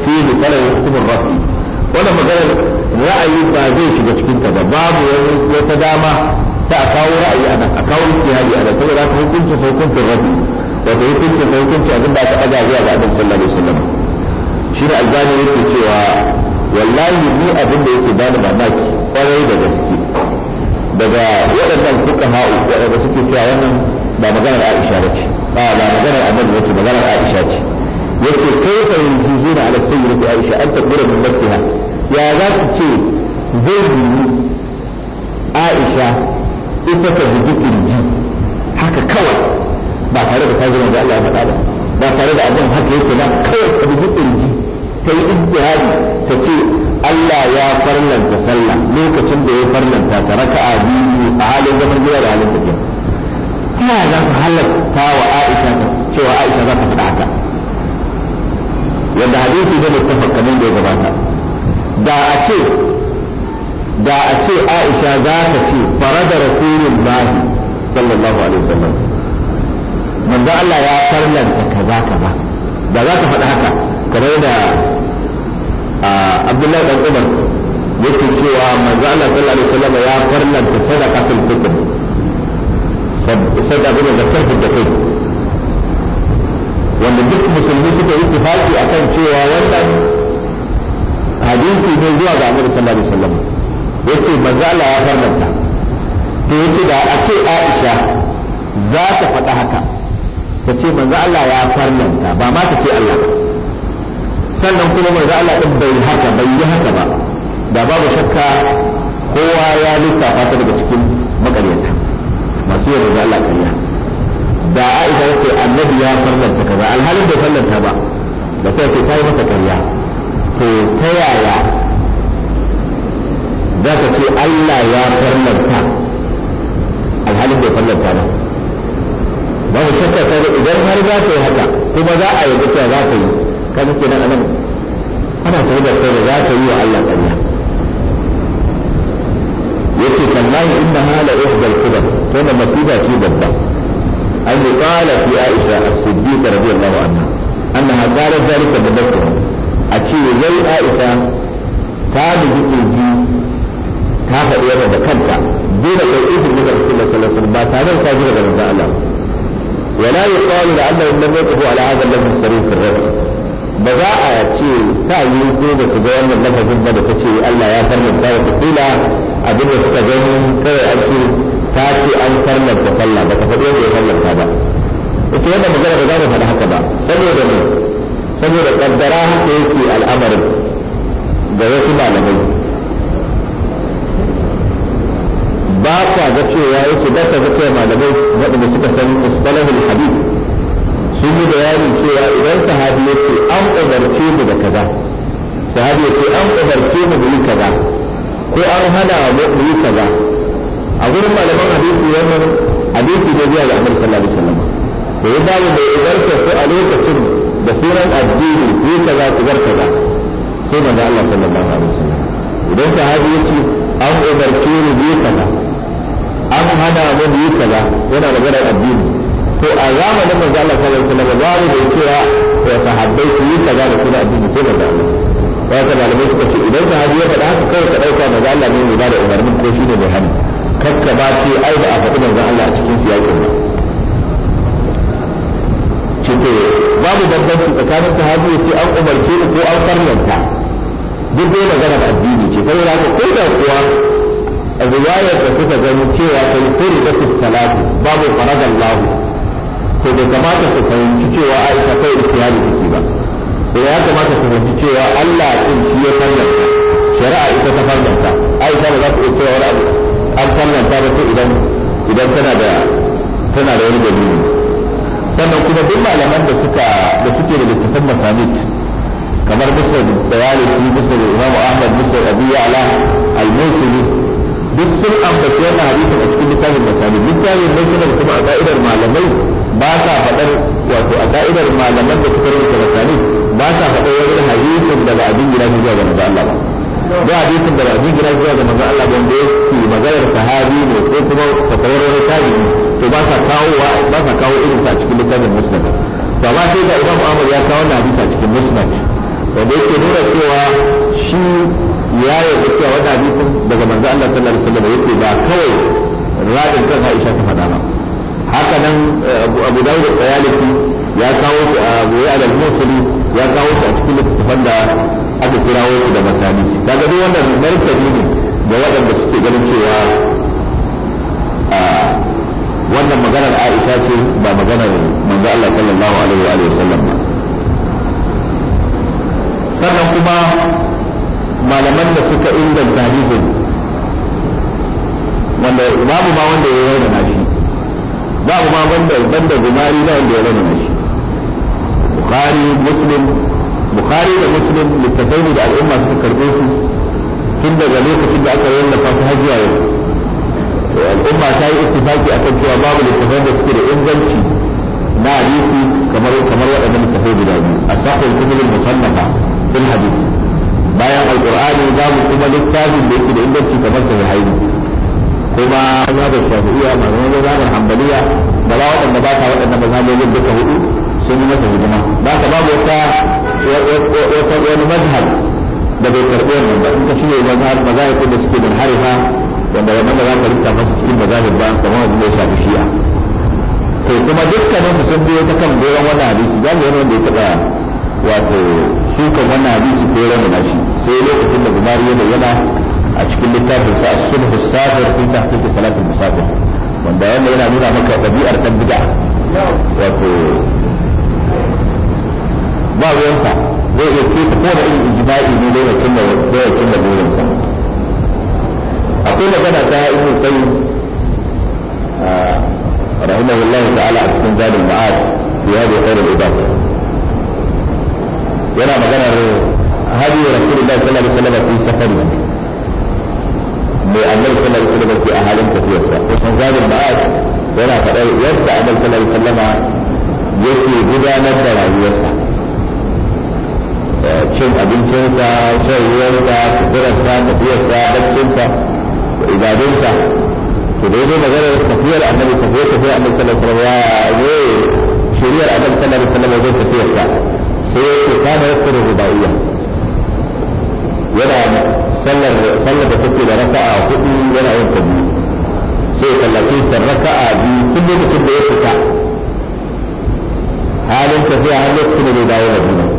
فيه لطلب يحكم الرسمي ولا مجال رأي ما بشكين شيء كنت باب وتدامى فأكاو رأي أنا أكاو اجتهادي أنا سوى لك حكمت فحكمت في wato hukuncin sai hukunci abin da aka ɗaga zuwa ga annabi sallallahu alaihi wasallam shi wallahi ni abin da yake bani mamaki kwarai da gaske daga waɗannan suka ha'u waɗanda suke cewa wannan ba maganar Aisha ba ce ba ba maganar Annabi ba ce maganar Aisha ce yake kai fa yanzu zuwa ala sayyidati Aisha an tabura min nafsiha ya za ku ce zai yi Aisha ita ta buji kirji haka kawai ba tare da ta zama da Allah ya faɗa ba ba tare da abin haka yake ba kawai ta buji kirji ta yi ijtihadi ta ce Allah ya farlanta sallah lokacin da ya farlanta ta raka'a biyu a halin zaman gida da halin tafiya ina za ku halatta wa Aisha cewa Aisha za ta fita haka yadda hadisi zai muttafaq kamar da ya gabata da a ce da a ce Aisha za ta ce farada rasulullahi sallallahu alaihi wasallam manzo Allah ya farlanta kaza kaza da za ta faɗa haka kamar da abdullahi dan umar yake cewa manzo Allah sallallahu alaihi wasallam ya farlanta sadaqatul fitr sadaqatul zakar da kai wanda duk musulmi suka yi tafaki akan cewa wannan hadisi ne zuwa ga Annabi sallallahu alaihi wasallam yace manzo Allah ya farlanta to yace da a ce Aisha za ta faɗa haka ta ce manzo Allah ya farlanta ba ma ta ce Allah ba sannan kuma za Allah din bai haka bai yi haka ba da babu shakka kowa ya lissafa ta daga cikin makaryata masu yin manzo Allah kariya da Aisha yake annabi ya farlanta kaza alhalin bai farlanta ba da sai ce ta yi masa kariya to ta yaya za ka ce Allah ya farlanta alhalin bai farlanta ba babu shakka ta idan har za ta yi haka kuma za a yi za ta yi kaga kenan anan ana kai da za ta yi wa Allah ƙarya yace tallahi inna hala ihdal kibar wannan masiba ce babba an yi qala fi aisha as-siddiqa radiyallahu anha annaha qalat zalika da bakr a ce wai aisha ta bugi kirji ta faɗi wannan da kanta dole kai ihdal kibar sallallahu alaihi wasallam ba tare da jira da manzo Allah ولا يقال لأنه لم يقف على هذا الذي صريح ba za a ce sa yi ko ba su ga wannan lafazin ba da ta ce Allah ya farmanta wa kila abin da wannan martani ne ga waɗanda suke ganin cewa wannan maganar Aisha ce ba maganar manzo Allah sallallahu alaihi wa sallam ba sannan kuma malaman da suka inganta hadisin wanda babu ma wanda ya rauna shi babu ma wanda banda gumari na wanda ya rauna shi bukhari muslim bukhari da muslim littafai da al'umma suka karbe su tun daga lokacin da aka wallafa ta har yau to al'umma ta yi ittifaki kan cewa babu littafan da suke da inganci na hadisi kamar kamar waɗannan littafai guda biyu asahul kutubul musannafa fil hadith bayan alqur'ani mu kuma littafin da yake da inganci kamar haihu. kuma na da shafi'iyya malaman mazhabar hanbaliya da ba waɗanda ba ta waɗanda da duka hudu sun yi masa hidima ba ka babu wata wani mazhab da bai karɓi wannan ba in ka shirya mazhar mazahir da suke mun harifa wanda wannan ba za ka rika masa cikin mazahir ba kamar wanda ya shafi shi'a to kuma dukkanin su sun biyo ta kan goron wannan hadisi za mu yi wanda ya taɓa wato sukan wannan hadisi ko rauna shi sai lokacin da Buhari ya yana a cikin littafin sa as-sulhu safir fi tahqiq salatul musafir wanda wanda yana nuna maka dabi'ar ta bid'a wato ba ruwansa zai iya keta ko da irin ijma'i ne dai mutum da zai cimma burinsa akwai magana ta ibn qayyim rahimahullahu ta'ala a cikin zadul ma'ad fi hadi khairul ibad yana magana hadi rasulullahi sallallahu alaihi wasallam fi safari mai annabi sallallahu alaihi wasallam ke a halin tafiyarsa ko san zadul ma'ad yana faɗa yadda annabi sallallahu alaihi wasallam yake gudanar da rayuwarsa cin abincinsa shan ruwansa kuturarsa tafiyarsa baccinsa ibadunsa to daidai maganar tafiyar annabi tafiyar tafiyar annabi sallallahu alaihi wasallam ya yi shiriyar annabi sallallahu alaihi wasallam wajen tafiyarsa sai ya ce kana yakuru rubaiya yana sallar sallar da take da raka'a hudu yana yin tabi sai kallace ta raka'a biyu kullum mutum da ya fita halin tafiya halin lokacin da bai dawo da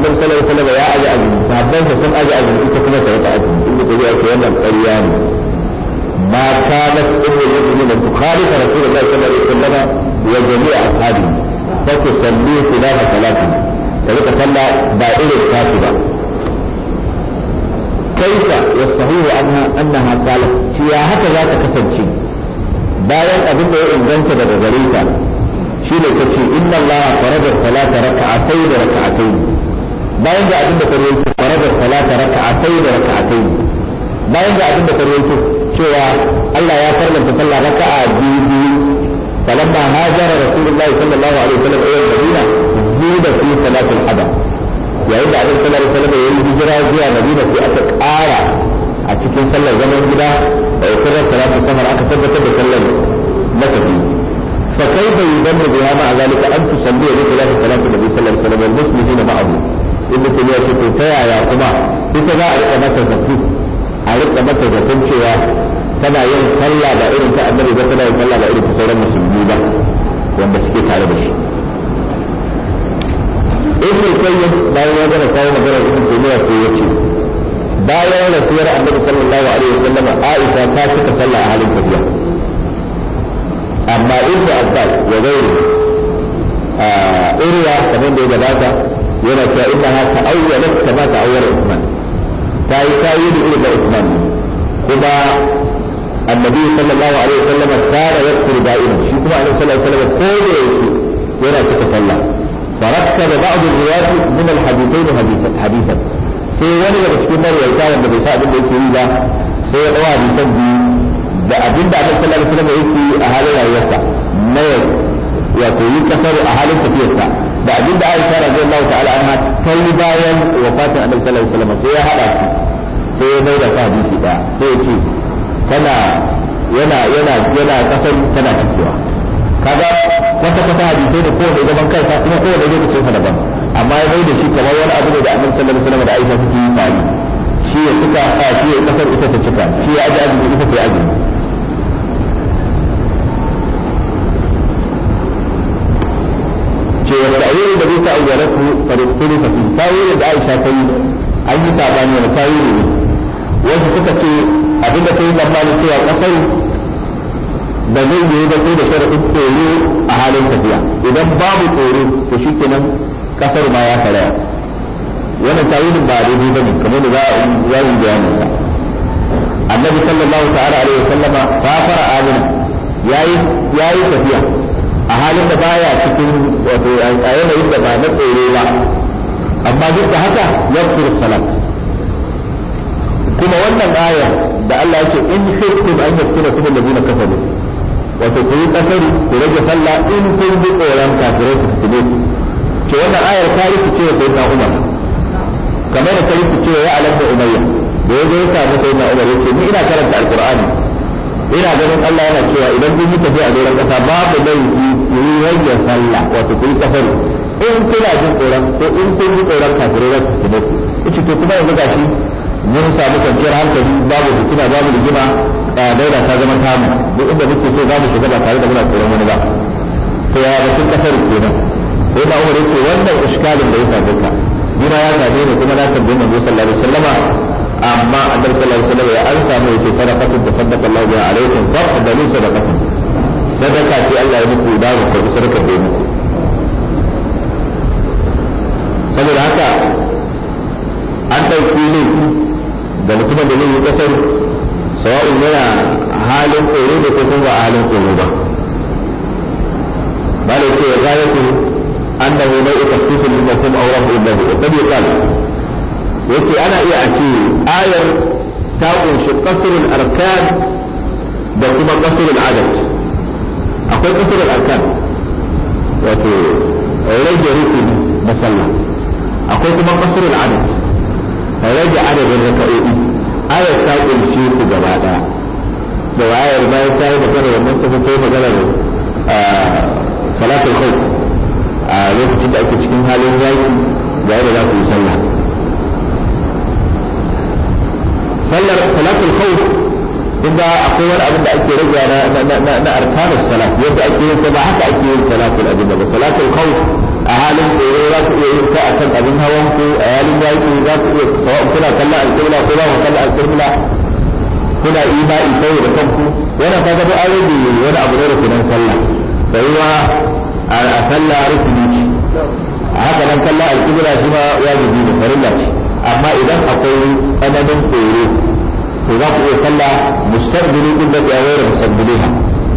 annabi sallallahu alaihi wasallam ya aje azumi sahabban sa sun aje azumi ita kuma ta rika azumi inda ta biya ce wannan ƙarya ne ma kanat ummu mu'minin tukhalifa rasulullahi sallallahu alaihi wasallam wa jami'a ashabi fa tusalli khilafa salati ta rika sallah ba irin tasu ba كيف والصحيح أنها أنها قالت يا هكذا تكسبتي bayan abin da ya inganta daga gare ta shi ne ta ce inna Allah faraja salata raka'atai da raka'atai bayan ga abin da ka rawaito farajar salata raka'atai da raka'atai bayan ga abin da ka rawaito cewa Allah ya farlanta sallah raka'a biyu biyu falamma hajara rasulullahi sallallahu alaihi wasallam ila madina zuba fi salatul adha yayin da abin sallar sallar ya yi hijira zuwa madina sai aka ƙara a cikin sallar zaman gida da ikirar salatu samar aka tabbatar da sallar matafi فكيف يذنب بها مع ذلك ان تصلي بخلاف صلاه النبي صلى الله عليه وسلم والمسلمين معه inda ta biya ce ta yaya kuma ita za a riƙa mata zafi a rika mata zafin cewa tana yin sallah da irin ta annabi ba tana yin sallah da irin ta sauran musulmi ba wanda suke tare da shi in ibn qayyim bayan ya gama kawo magana ibn taymiya sai ya ce bayan rasuwar annabi sallallahu alaihi wasallam aisha ta cika sallah a halin tafiya amma ibn abbas ya gairi a irwa kamar da ya gabata yana cewa innaha ta'awwalat kama ta'awwala Uthman ta yi tayin irin da Uthman kuma annabi sallallahu alaihi wasallam kana yakfur da'ima shi kuma annabi sallallahu alaihi wasallam ko da yake yana cika sallah فركب بعض الرواة من الحديثين حديثا حديثا sai wani daga cikin marwaita wanda bai sa abin da yake yi ba sai ya dawa hadisan biyu da abin da annabi sallallahu alaihi wasallam yake a halin rayuwarsa na wato yi kasar a halin tafiyarsa da abin da Aisha radiyallahu ta'ala anha ta yi bayan wafatin Annabi sallallahu alaihi wasallam sai ya hada su sai ya bai da hadisi da sai ya ce tana yana yana yana kasar tana tafiya kaga wata kata hadisai da kowane gaban kansa kuma kowane lokacin sa daban amma ya bai da shi kamar wani abu da Annabi sallallahu alaihi wasallam da Aisha suke yi tare shi ya cika shi ya kasar ita ta cika shi ya aji azumi ita ta yi azumi tawilin da zai ta a gyara su faristiri ka fi tawilin da aisha ta yi an yi sabani wani tawili ne wasu suka ce abin da ta yi tsammanin cewa kasar da zai yi da sai da sharaɗin tsoro a halin tafiya idan babu tsoro to shi kenan kasar ma ya karaya wannan tawilin ba daidai ba ne kamar da za a yi bayanin sa annabi sallallahu ta'ala alaihi wasallama safara amina yayi yayi tafiya a halin da baya cikin wato a yanayin da ba na tsoro ba amma duk da haka ya yaqtur salat kuma wannan aya da Allah yake in khiftum an yakuna kuma allazina kafaru wato ku yi kasari ku rage sallah in kun ji tsoron kafirai ku fitine ke wannan ayar ta yi fice wa sayyidina Umar kamar da ta yi fice wa ya alamma umayya da ya zo ya samu sayyidina Umar yake ni ina karanta alqur'ani ina ganin Allah yana cewa idan kun yi tafiya a doron kasa babu dai yi hanyar sallah wato kun kafar in kuna jin tsoron ko in kun ji tsoron kafin za su kuma ku to kuma yanzu gashi mun samu kwanciyar hankali babu fitina babu rigima daura ta zama tamu duk inda muke so za mu shiga ba tare da muna tsoron wani ba to ya ba batun kasar kenan sai ba umar yake wannan iskalin da ya same ka gina ya zabe ni kuma na tambaye manzo sallallahu alaihi wasallama amma annabi sallallahu alaihi wasallam ya an samu yake sadaqatu tasaddaqa Allah biha alaikum fa'dalu sadaqatu sadaka ce Allah ya muku da ku kai sadakar da muku saboda haka an ɗauki ne da mutumin da zai yi ƙasar sawa'in yana halin tsoro da ko kuma halin tsoro ba ba da ke gayatun أنه نوع تخفيف للمفهوم أو رفع النبي وقد يقال yake ana iya a ce ayar ta kunshi kasrul arkan da kuma kasrul adad akwai kasrul arkan wato rage rukuni na akwai kuma kasrul adad rage adadin raka'o'i ayar ta kunshi su gaba daya da wayar bayan ta yi magana wannan kuma ta yi magana da salatul khawf a lokacin da ake cikin halin yaki ga yadda za ku yi sallah sallar salatul khawf inda akwai wani abin da ake rage na na arkanus salat yadda ake yin ba haka ake yin salatul abin da salatul khawf a halin tsoro za ku iya yin ta kan abin hawan ku a halin yaki za ku iya sawa kuna kallon alƙibla ko ba ku kallon alƙibla kuna imani kai da kanku wani kaga da ayoyi wani abu ne da kunan sallah da ruwa a sallah rukuni haka nan kallon alƙibla shi ma wajibi ne farilla ce amma idan akwai tsananin tsoro to za ku iya sallah mustaqbilin din da ya wayar ha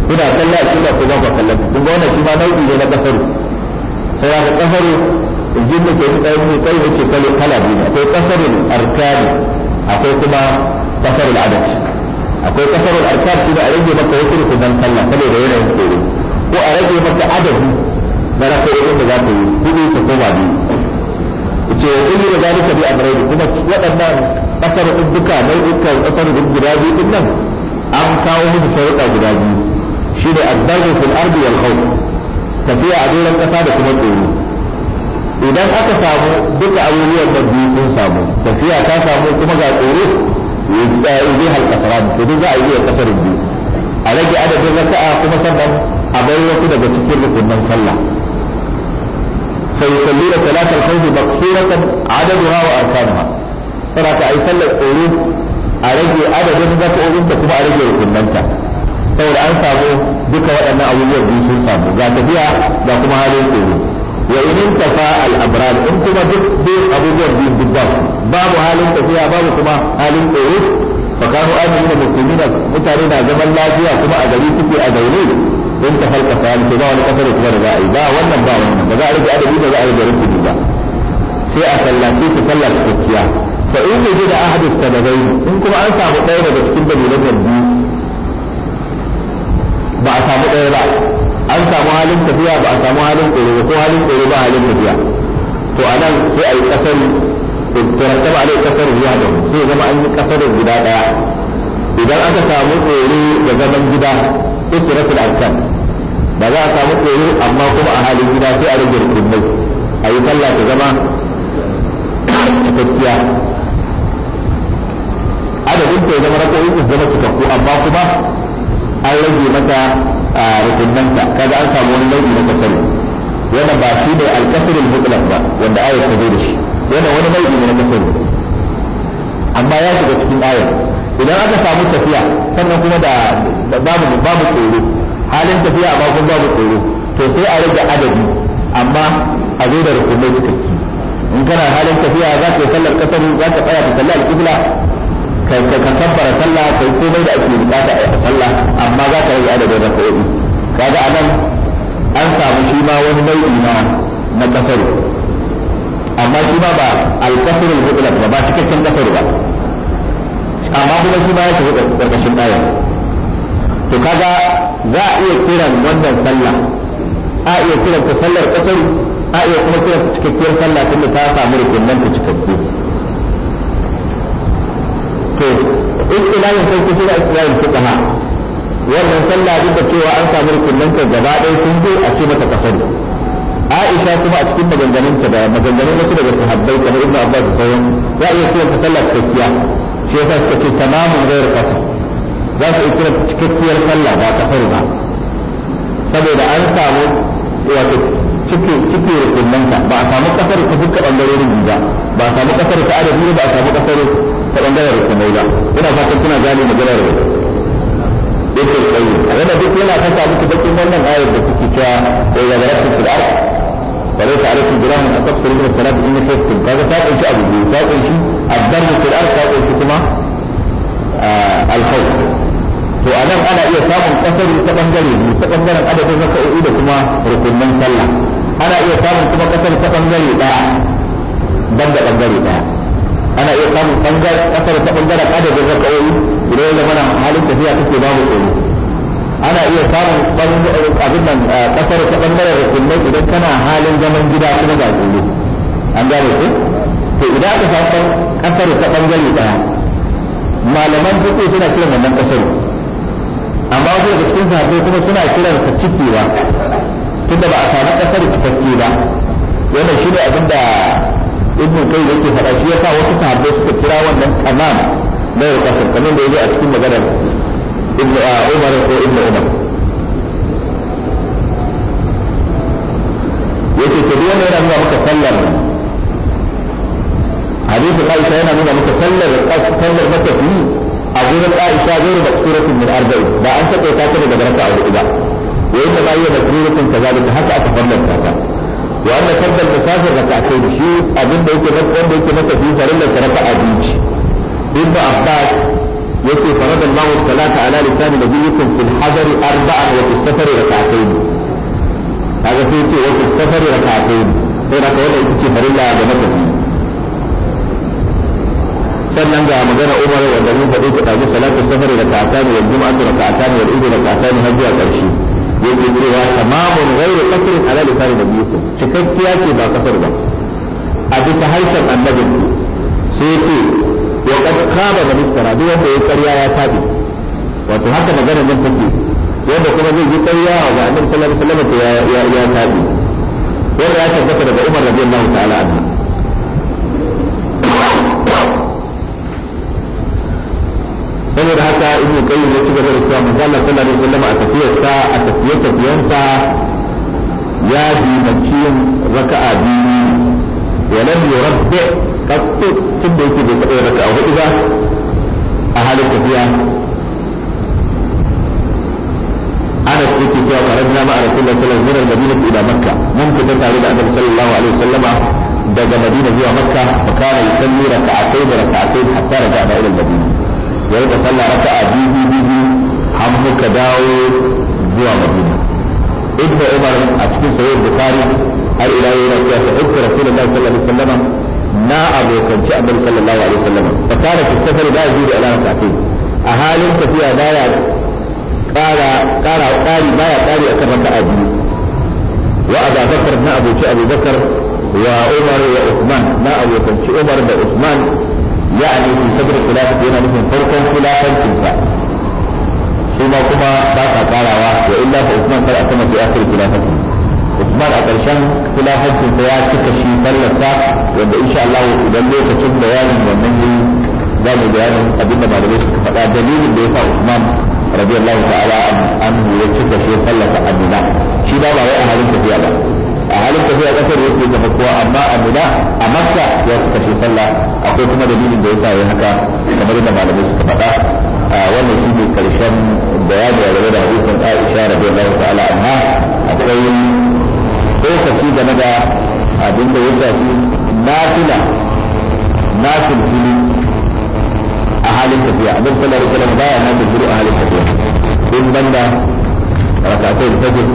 kuna kalla a cikin ku ba ku kallon kun ga wannan shi ma nau'i ne na kasaru sai ga kasaru jin da ke tsaye ne kai ne ke kalle kala biyu akwai kasarul arkani akwai kuma kasarul adad akwai kasarul arkan shi da a rage maka wasu rukunan sallah saboda yanayin tsoro ko a rage maka adadi na raka'o'in da za ka yi hudu ka koma biyu ce in da zalika bi amrayn kuma waɗannan kasar duka nau'ukan kasar guda biyu din nan an kawo musu sharuɗa guda biyu shi ne addabu fil ardi wal khawf tafiya a doron kasa da kuma tsoro idan aka samu duka abubuwan nan biyu sun samu tafiya ta samu kuma ga tsoro zai halkasarani to duk za a yi iya kasar biyu a rage adadin raka'a kuma sannan a bai wasu daga cikin rukunin sallah فيصلون صلاة الخوف مقصورة عددها وأركانها صلاة أي صلى القلوب أرجي عدد ركعوين تكون أرجي ركننتا saboda an samu duka waɗannan abubuwan biyu sun samu ga tafiya ga kuma halin tsoro وإن انتفى الأبرار انتم دك أبو أبوظر دي بالضبط باب انت فيها باب كما انت انتفيها فكانوا آمنين مسلمين متعرين عزم الله جيا كما أدري تكي أدري انتفى الكفال كما ونكفر كبار رائي باب وانا باب وانا فذا أريد أدري ماذا أريد أريد أريد أريد سيئة اللاتي تسلى تكتيا فإن وجد أحد السببين انكما أنسى مطيرة بسكين بني لنا الدين بعثا مطيرة an samu halin tafiya ba a samu halin tsoro ko halin tsoro ba halin tafiya to a nan sai a yi kasar tarattaba alai kasar riya da sai zama an yi kasar guda daya idan aka samu tsoro da zaman gida su usratul arkan ba za a samu tsoro amma kuma a halin gida sai a rage rukunai a yi sallah ta zama cikakkiya adadin ta zama rakoyi su zama cikakku amma kuma an rage mata a rukunanta kaga an samu wani nau'i na kasari wanda ba shi da alkasar mutlaq ba wanda ayat ta zo da shi wanda wani nau'i ne na kasari amma ya shiga cikin ayat idan aka samu tafiya sannan kuma da babu babu tsoro halin tafiya a kun babu tsoro to sai a rage adadi amma a zo da rukunai duka in kana halin tafiya za ka yi sallar kasar za ka tsaya ka kalli alƙibla ka ka tabbara sallah kai komai da ake bukata a sallah amma za ka rage adadin raka'o'i kaga anan an samu shi ma wani nau'i na na kasar amma shi ma ba alkasarul mutlaq ba ba cikakken kasar ba amma kuma shi ma ya shiga karkashin ayar to kaga za a iya kiran wannan sallah a iya kiran ta sallar kasar a iya kuma kiran ta cikakkiyar sallah tunda ta samu rukunin ta cikakku to istilahin sarki shi da istilahin fuqaha wannan sallah duk da cewa an samu rukunanta gaba ɗaya sun zo a ce mata kasar Aisha kuma a cikin ta da maganganun wasu daga sahabbai kamar Ibn Abbas da sauran za a iya kiran ta sallah cikakkiya shi yasa suka ce tamamun gairar kasar za su iya kiran cikakkiyar sallah ba kasar ba saboda an samu wato cike cike ta ba a samu kasar ta duka bangarorin ba ba a samu kasar ta adadi ba a samu kasar ta bangaren rukunai ba ina fatan kuna gane maganar yake tsayi wanda duk yana fasa muku bakin wannan ayar da kuke ta da zagaratu fil ard وليس عليكم جناح ان تقصروا من الصلاه ان شئتم هذا ta شيء ابو بكر ta شيء الدم في الارض ta شيء kuma alfai to a nan ana iya samun kasari ta bangare biyu ta bangaren adadin raka'o'i da kuma rukunin sallah ana iya samun kuma kasari ta bangare ban da bangare daya ana iya samun bangar kasar ta bangaren adadin raka'o'i idan ya mana halin tafiya kake babu tsoro ana iya samun abin nan kasar ta bangaren rukunai idan kana halin zaman gida kuma ga tsoro an gane ku to idan aka samu kasar ta bangare daya malaman duk suna kiran wannan kasar amma wajen daga cikin sahabbai kuma suna kiran sa cikewa tunda ba a samu kasar cikakke ba wannan shine abin da ibn kai yake faɗa shi yasa wasu sahabbai suka kira wannan kaman na yau kasar kaman da yake a cikin maganar ibn ah, Umar ko ibn Umar yake to duk wanda yana nuna maka sallar hadisi Aisha yana nuna maka sallar sallar matafi a gurin Aisha gairu maksuratin min arba'in ba an taɓa ta daga raka'a hudu ba wa inna ma hiya maksuratin kazalika haka aka fallanta ta وأن فرد المسافر ركعتين شيء أبن بيت مكة بيت مكة في فرد ركعة أبيش ابن عباس يأتي فرد الله الصلاة على لسان نبيكم في الحجر أربعا وفي السفر ركعتين هذا في وفي السفر ركعتين هنا كوانا يتكي فرلة جمكة sannan ga magana umar wanda mun faɗi ta ɗazu salatu safari da ta'atani wal juma'atu da ta'atani wal idu da ta'atani har zuwa ƙarshe yake cewa tamamun ghairu qasrin ala lisan nabiyikum cikakkiya ce ba kasar ba a bisa harshen annabin ku sai yake wa qad khaba man istara duk wanda ya karya ya tabi wato haka magana nan take wanda kuma zai yi karya wa annabi sallallahu alaihi wasallam ya ya tabi wanda ya tabbata daga Umar radiyallahu ta'ala anhu saboda haka ibnu qayyim ya ci gaba da cewa manzo Allah sallallahu alaihi wasallam a tafiyarsa a tafiyar tafiyansa ya dimanci yin raka'a biyu wa lam yurabbi qattu tunda yake bai taɓa raka'a hudu ba a halin tafiya ana yake cewa farajna ma'a rasulullahi sallallahu alaihi wasallam min al-madinah ila makkah mun fita tare da annabi sallallahu alaihi wasallama daga madina zuwa makka fa kana yusalli raka'atayn raka'atayn hatta raja'a ila al-madinah ya rika sallah raka a bibi bibi har muka dawo zuwa madina ibnu umar a cikin sahih bukhari har ila yau yana cewa sa'idtu rasulullahi sallallahu alaihi wasallam na abokanci annabi sallallahu alaihi wasallam fa kana fi safar da yaji da alama kafi a halin tafiya baya kara kara kari baya kari akan raka'a biyu wa abu bakar na aboki abubakar wa umar wa usman na abokanci umar da usman يعني في صدر خلافة دينا نفهم فرقا خلافا تنسى ثم كما باقى قال وإلا فأثمان قد أتم في آخر خلافة أثمان أترشان خلافة تنسى يا كتشي فلسا وإن شاء الله إذن لو تشب بيانا ومنه ذلك بيانا قدمنا ما رميش فقال دليل بيطا عثمان رضي الله تعالى عنه يتشب شيء فلسا أمنا شيء بابا وإن هذا الكثير a halin tafiya kasar ya yake da kowa amma a muna a makka ya suka shi sallah akwai kuma dalilin da ya ya ya haka kamar da malamai suka faɗa wannan shi ne karshen bayani a game da hadisin Aisha lafi ta'ala amma akwai lokaci game da abin da ya shafi nafila nafil fili a halin tafiya abin sallar sallar baya da fili a halin tafiya in banda rakatai da fajr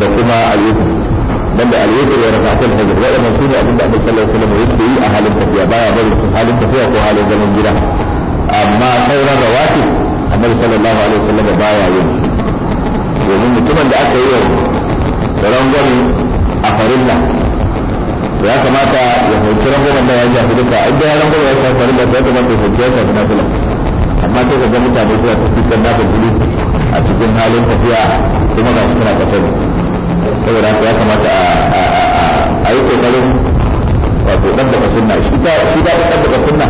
da kuma ayyukan banda alwitr wa rak'atul fajr wadannan sune abin da Annabi sallallahu alaihi wasallam yake yi a halin tafiya baya bari halin tafiya ko halin zaman gida amma sauran rawatib Annabi sallallahu alaihi wasallam baya yin domin mutumin da aka yi wa rangwame a farilla ya kamata ya fahimci rangwamen da ya shafi duka inda ya rangwame ya shafi farilla ya kamata ya fahimci ya shafi nafila amma sai ka ga mutane suna tafi kan nafila a cikin halin tafiya kuma ga suna kasar saboda haka ya kamata a yi ƙoƙarin wato dan daga sunna shi da shi da daga sunna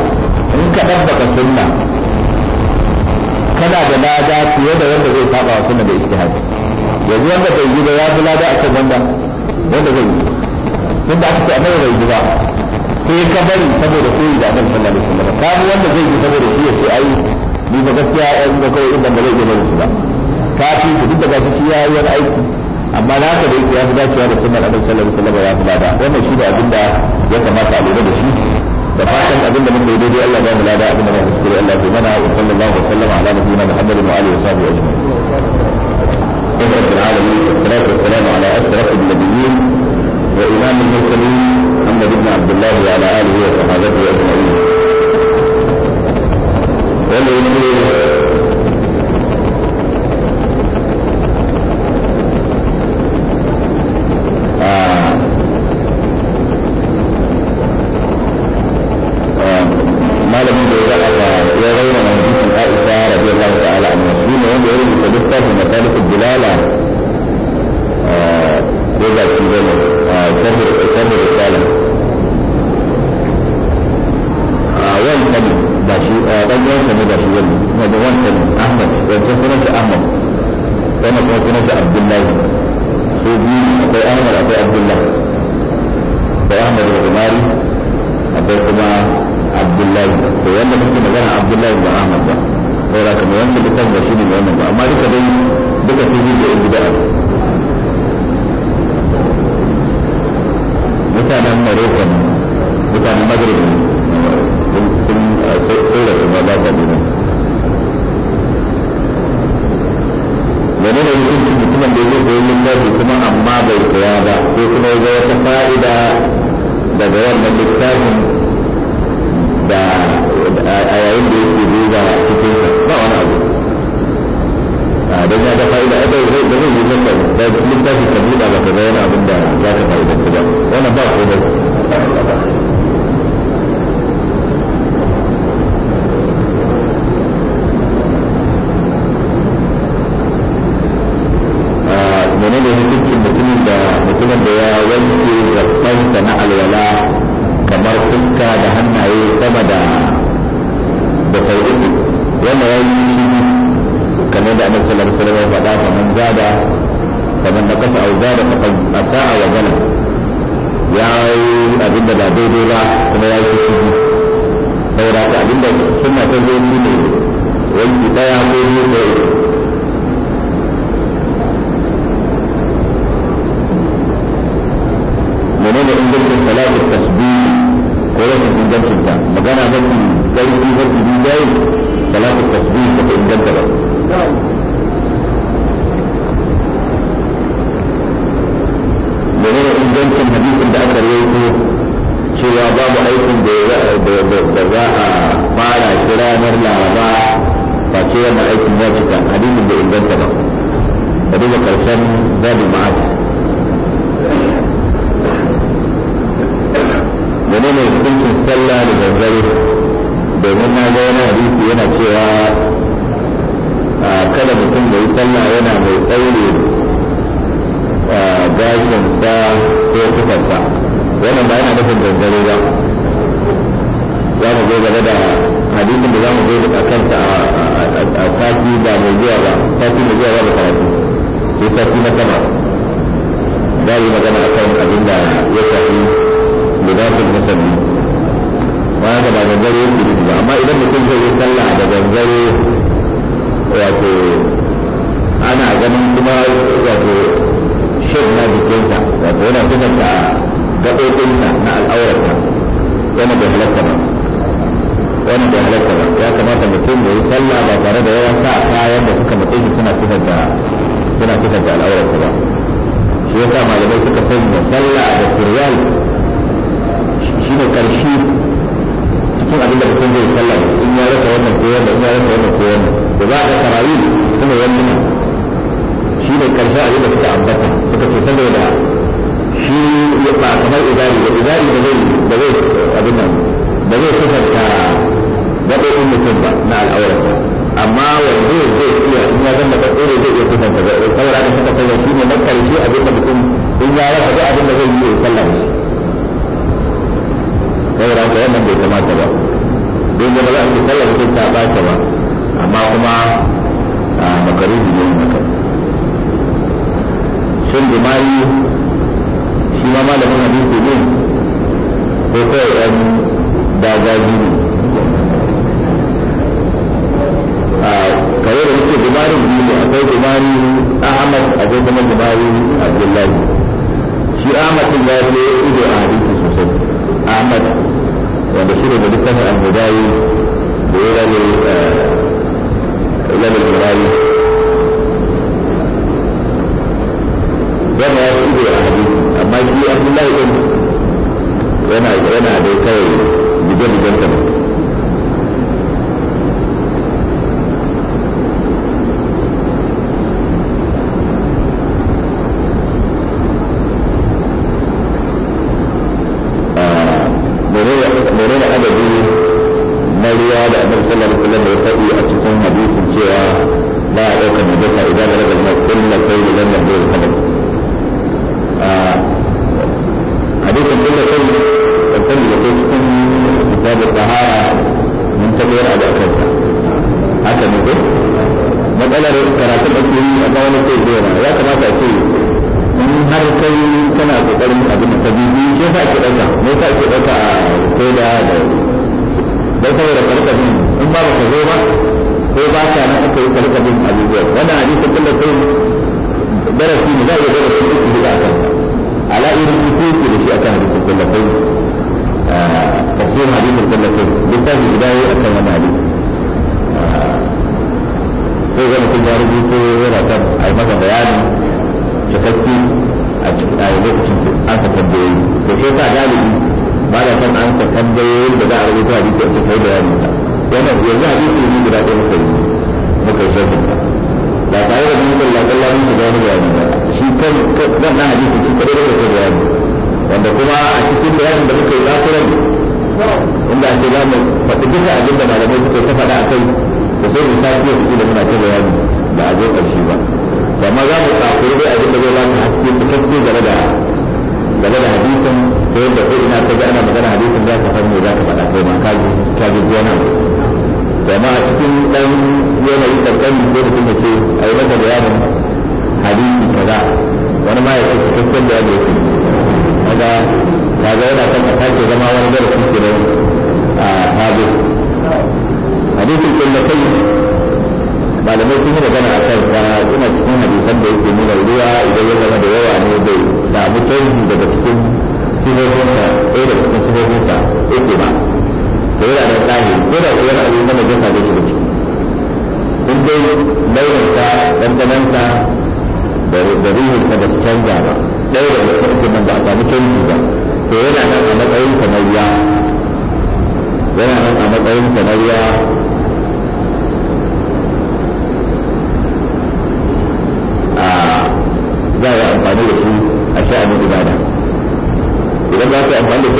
in ka dan daga sunna kana da lada fiye da wanda zai saba wa sunna da ijtihad yanzu wanda bai yi ba ya fi lada akan wanda wanda zai yi tunda aka ce annabi bai yi ba sai ka bari saboda sai da annabi sallallahu alaihi wasallam kamu wanda zai yi saboda shi ya ce ai ni ba gaskiya yanzu kawai inda ba zai yi ba ka ci duk da gaskiya yana aiki amma na haka dai ya fi dacewa da sunnar annabi sallallahu alaihi wasallam ya fi lada wannan shi da abin da ya kamata a lura da shi da fatan abin da muka daidai Allah ya mu lada abin da muka kuskure Allah ya mana wa sallallahu alaihi wasallam ala nabiyina Muhammad wa alihi wa sahbihi ajma'in رب العالمين والصلاة والسلام على أشرف النبيين وإمام المرسلين محمد بن عبد الله وعلى آله وصحابته أجمعين. غيره annabi sallallahu alaihi wasallam ya faɗi a cikin hadisin cewa ba a ɗaukar najasa idan da ragal mai kulla sai idan da bai kada hadisin kulla sai kan da kai cikin kitabu sahara mun tabbiyar a da kansa haka ne ko matsalar karatun da ke yi a kawai sai zuwa ya kamata a ce in har kai kana kokarin abin da ka biyu ke sa ke ɗauka ne sa ke ɗauka a koda da dai kawai da karka bin in ba ka zo ba ko ba ka nan aka yi karka bin abubuwa wannan hadisi kun da kai darasi ne za a yi darasi uku da aka ala irin kuku da shi akan hadisin kun da kai kun eh, da kai littafi guda yi akan wannan hadisi eh, sai ga mutum ya rubuto yana kan a yi masa bayani cikakke a lokacin aka tambayoyi to sai ka galibi ba da san an tambayoyin da za a rubuta hadisi a cikin bayanin sa da. yanzu hadisi ne guda ɗaya muka yi muka yi sharhin sa ba tare da mun kalla kalla mun ga wani bayani ba shi kan kan dan hadisi shi kai da kai bayani wanda kuma a cikin bayanin da muka yi zakuran inda ake za mu faɗi duka abin da malamai suka ta faɗa a kai da sai mu sake su da muna ta bayani ba a zo ƙarshe ba amma za mu tsakuri dai abin da zai ba mu haske cikakke game da game da hadisin da yadda ko ina ka ji ana magana hadisin za ka san me za ka faɗa ko ma ka ji ka ji wani abu amma a cikin dan yanayi kankani ko mutum ya ce a yi maka bayanin hadisi kaza wani ma ya ce cikakken da yadda yake kaga kaga yana kan ka sake zama wani darasi kenan a hadu hadisin kullakai malamai sun yi magana a kan rana ina cikin hadisan da yake nuna ruwa idan ya zama da yawa ne bai samu canji daga cikin sifofinsa ɗaya daga cikin sifofinsa yake ba da yana da tsari ko da kuwa na abin mana jasa da shi in dai launinsa ɗanɗanansa da rihinsa ba su canza ba ɗaya daga cikin uku nan ba a samu canji ba to yana nan a matsayin kamar ya yana nan a matsayin kamar ya 我家再管理。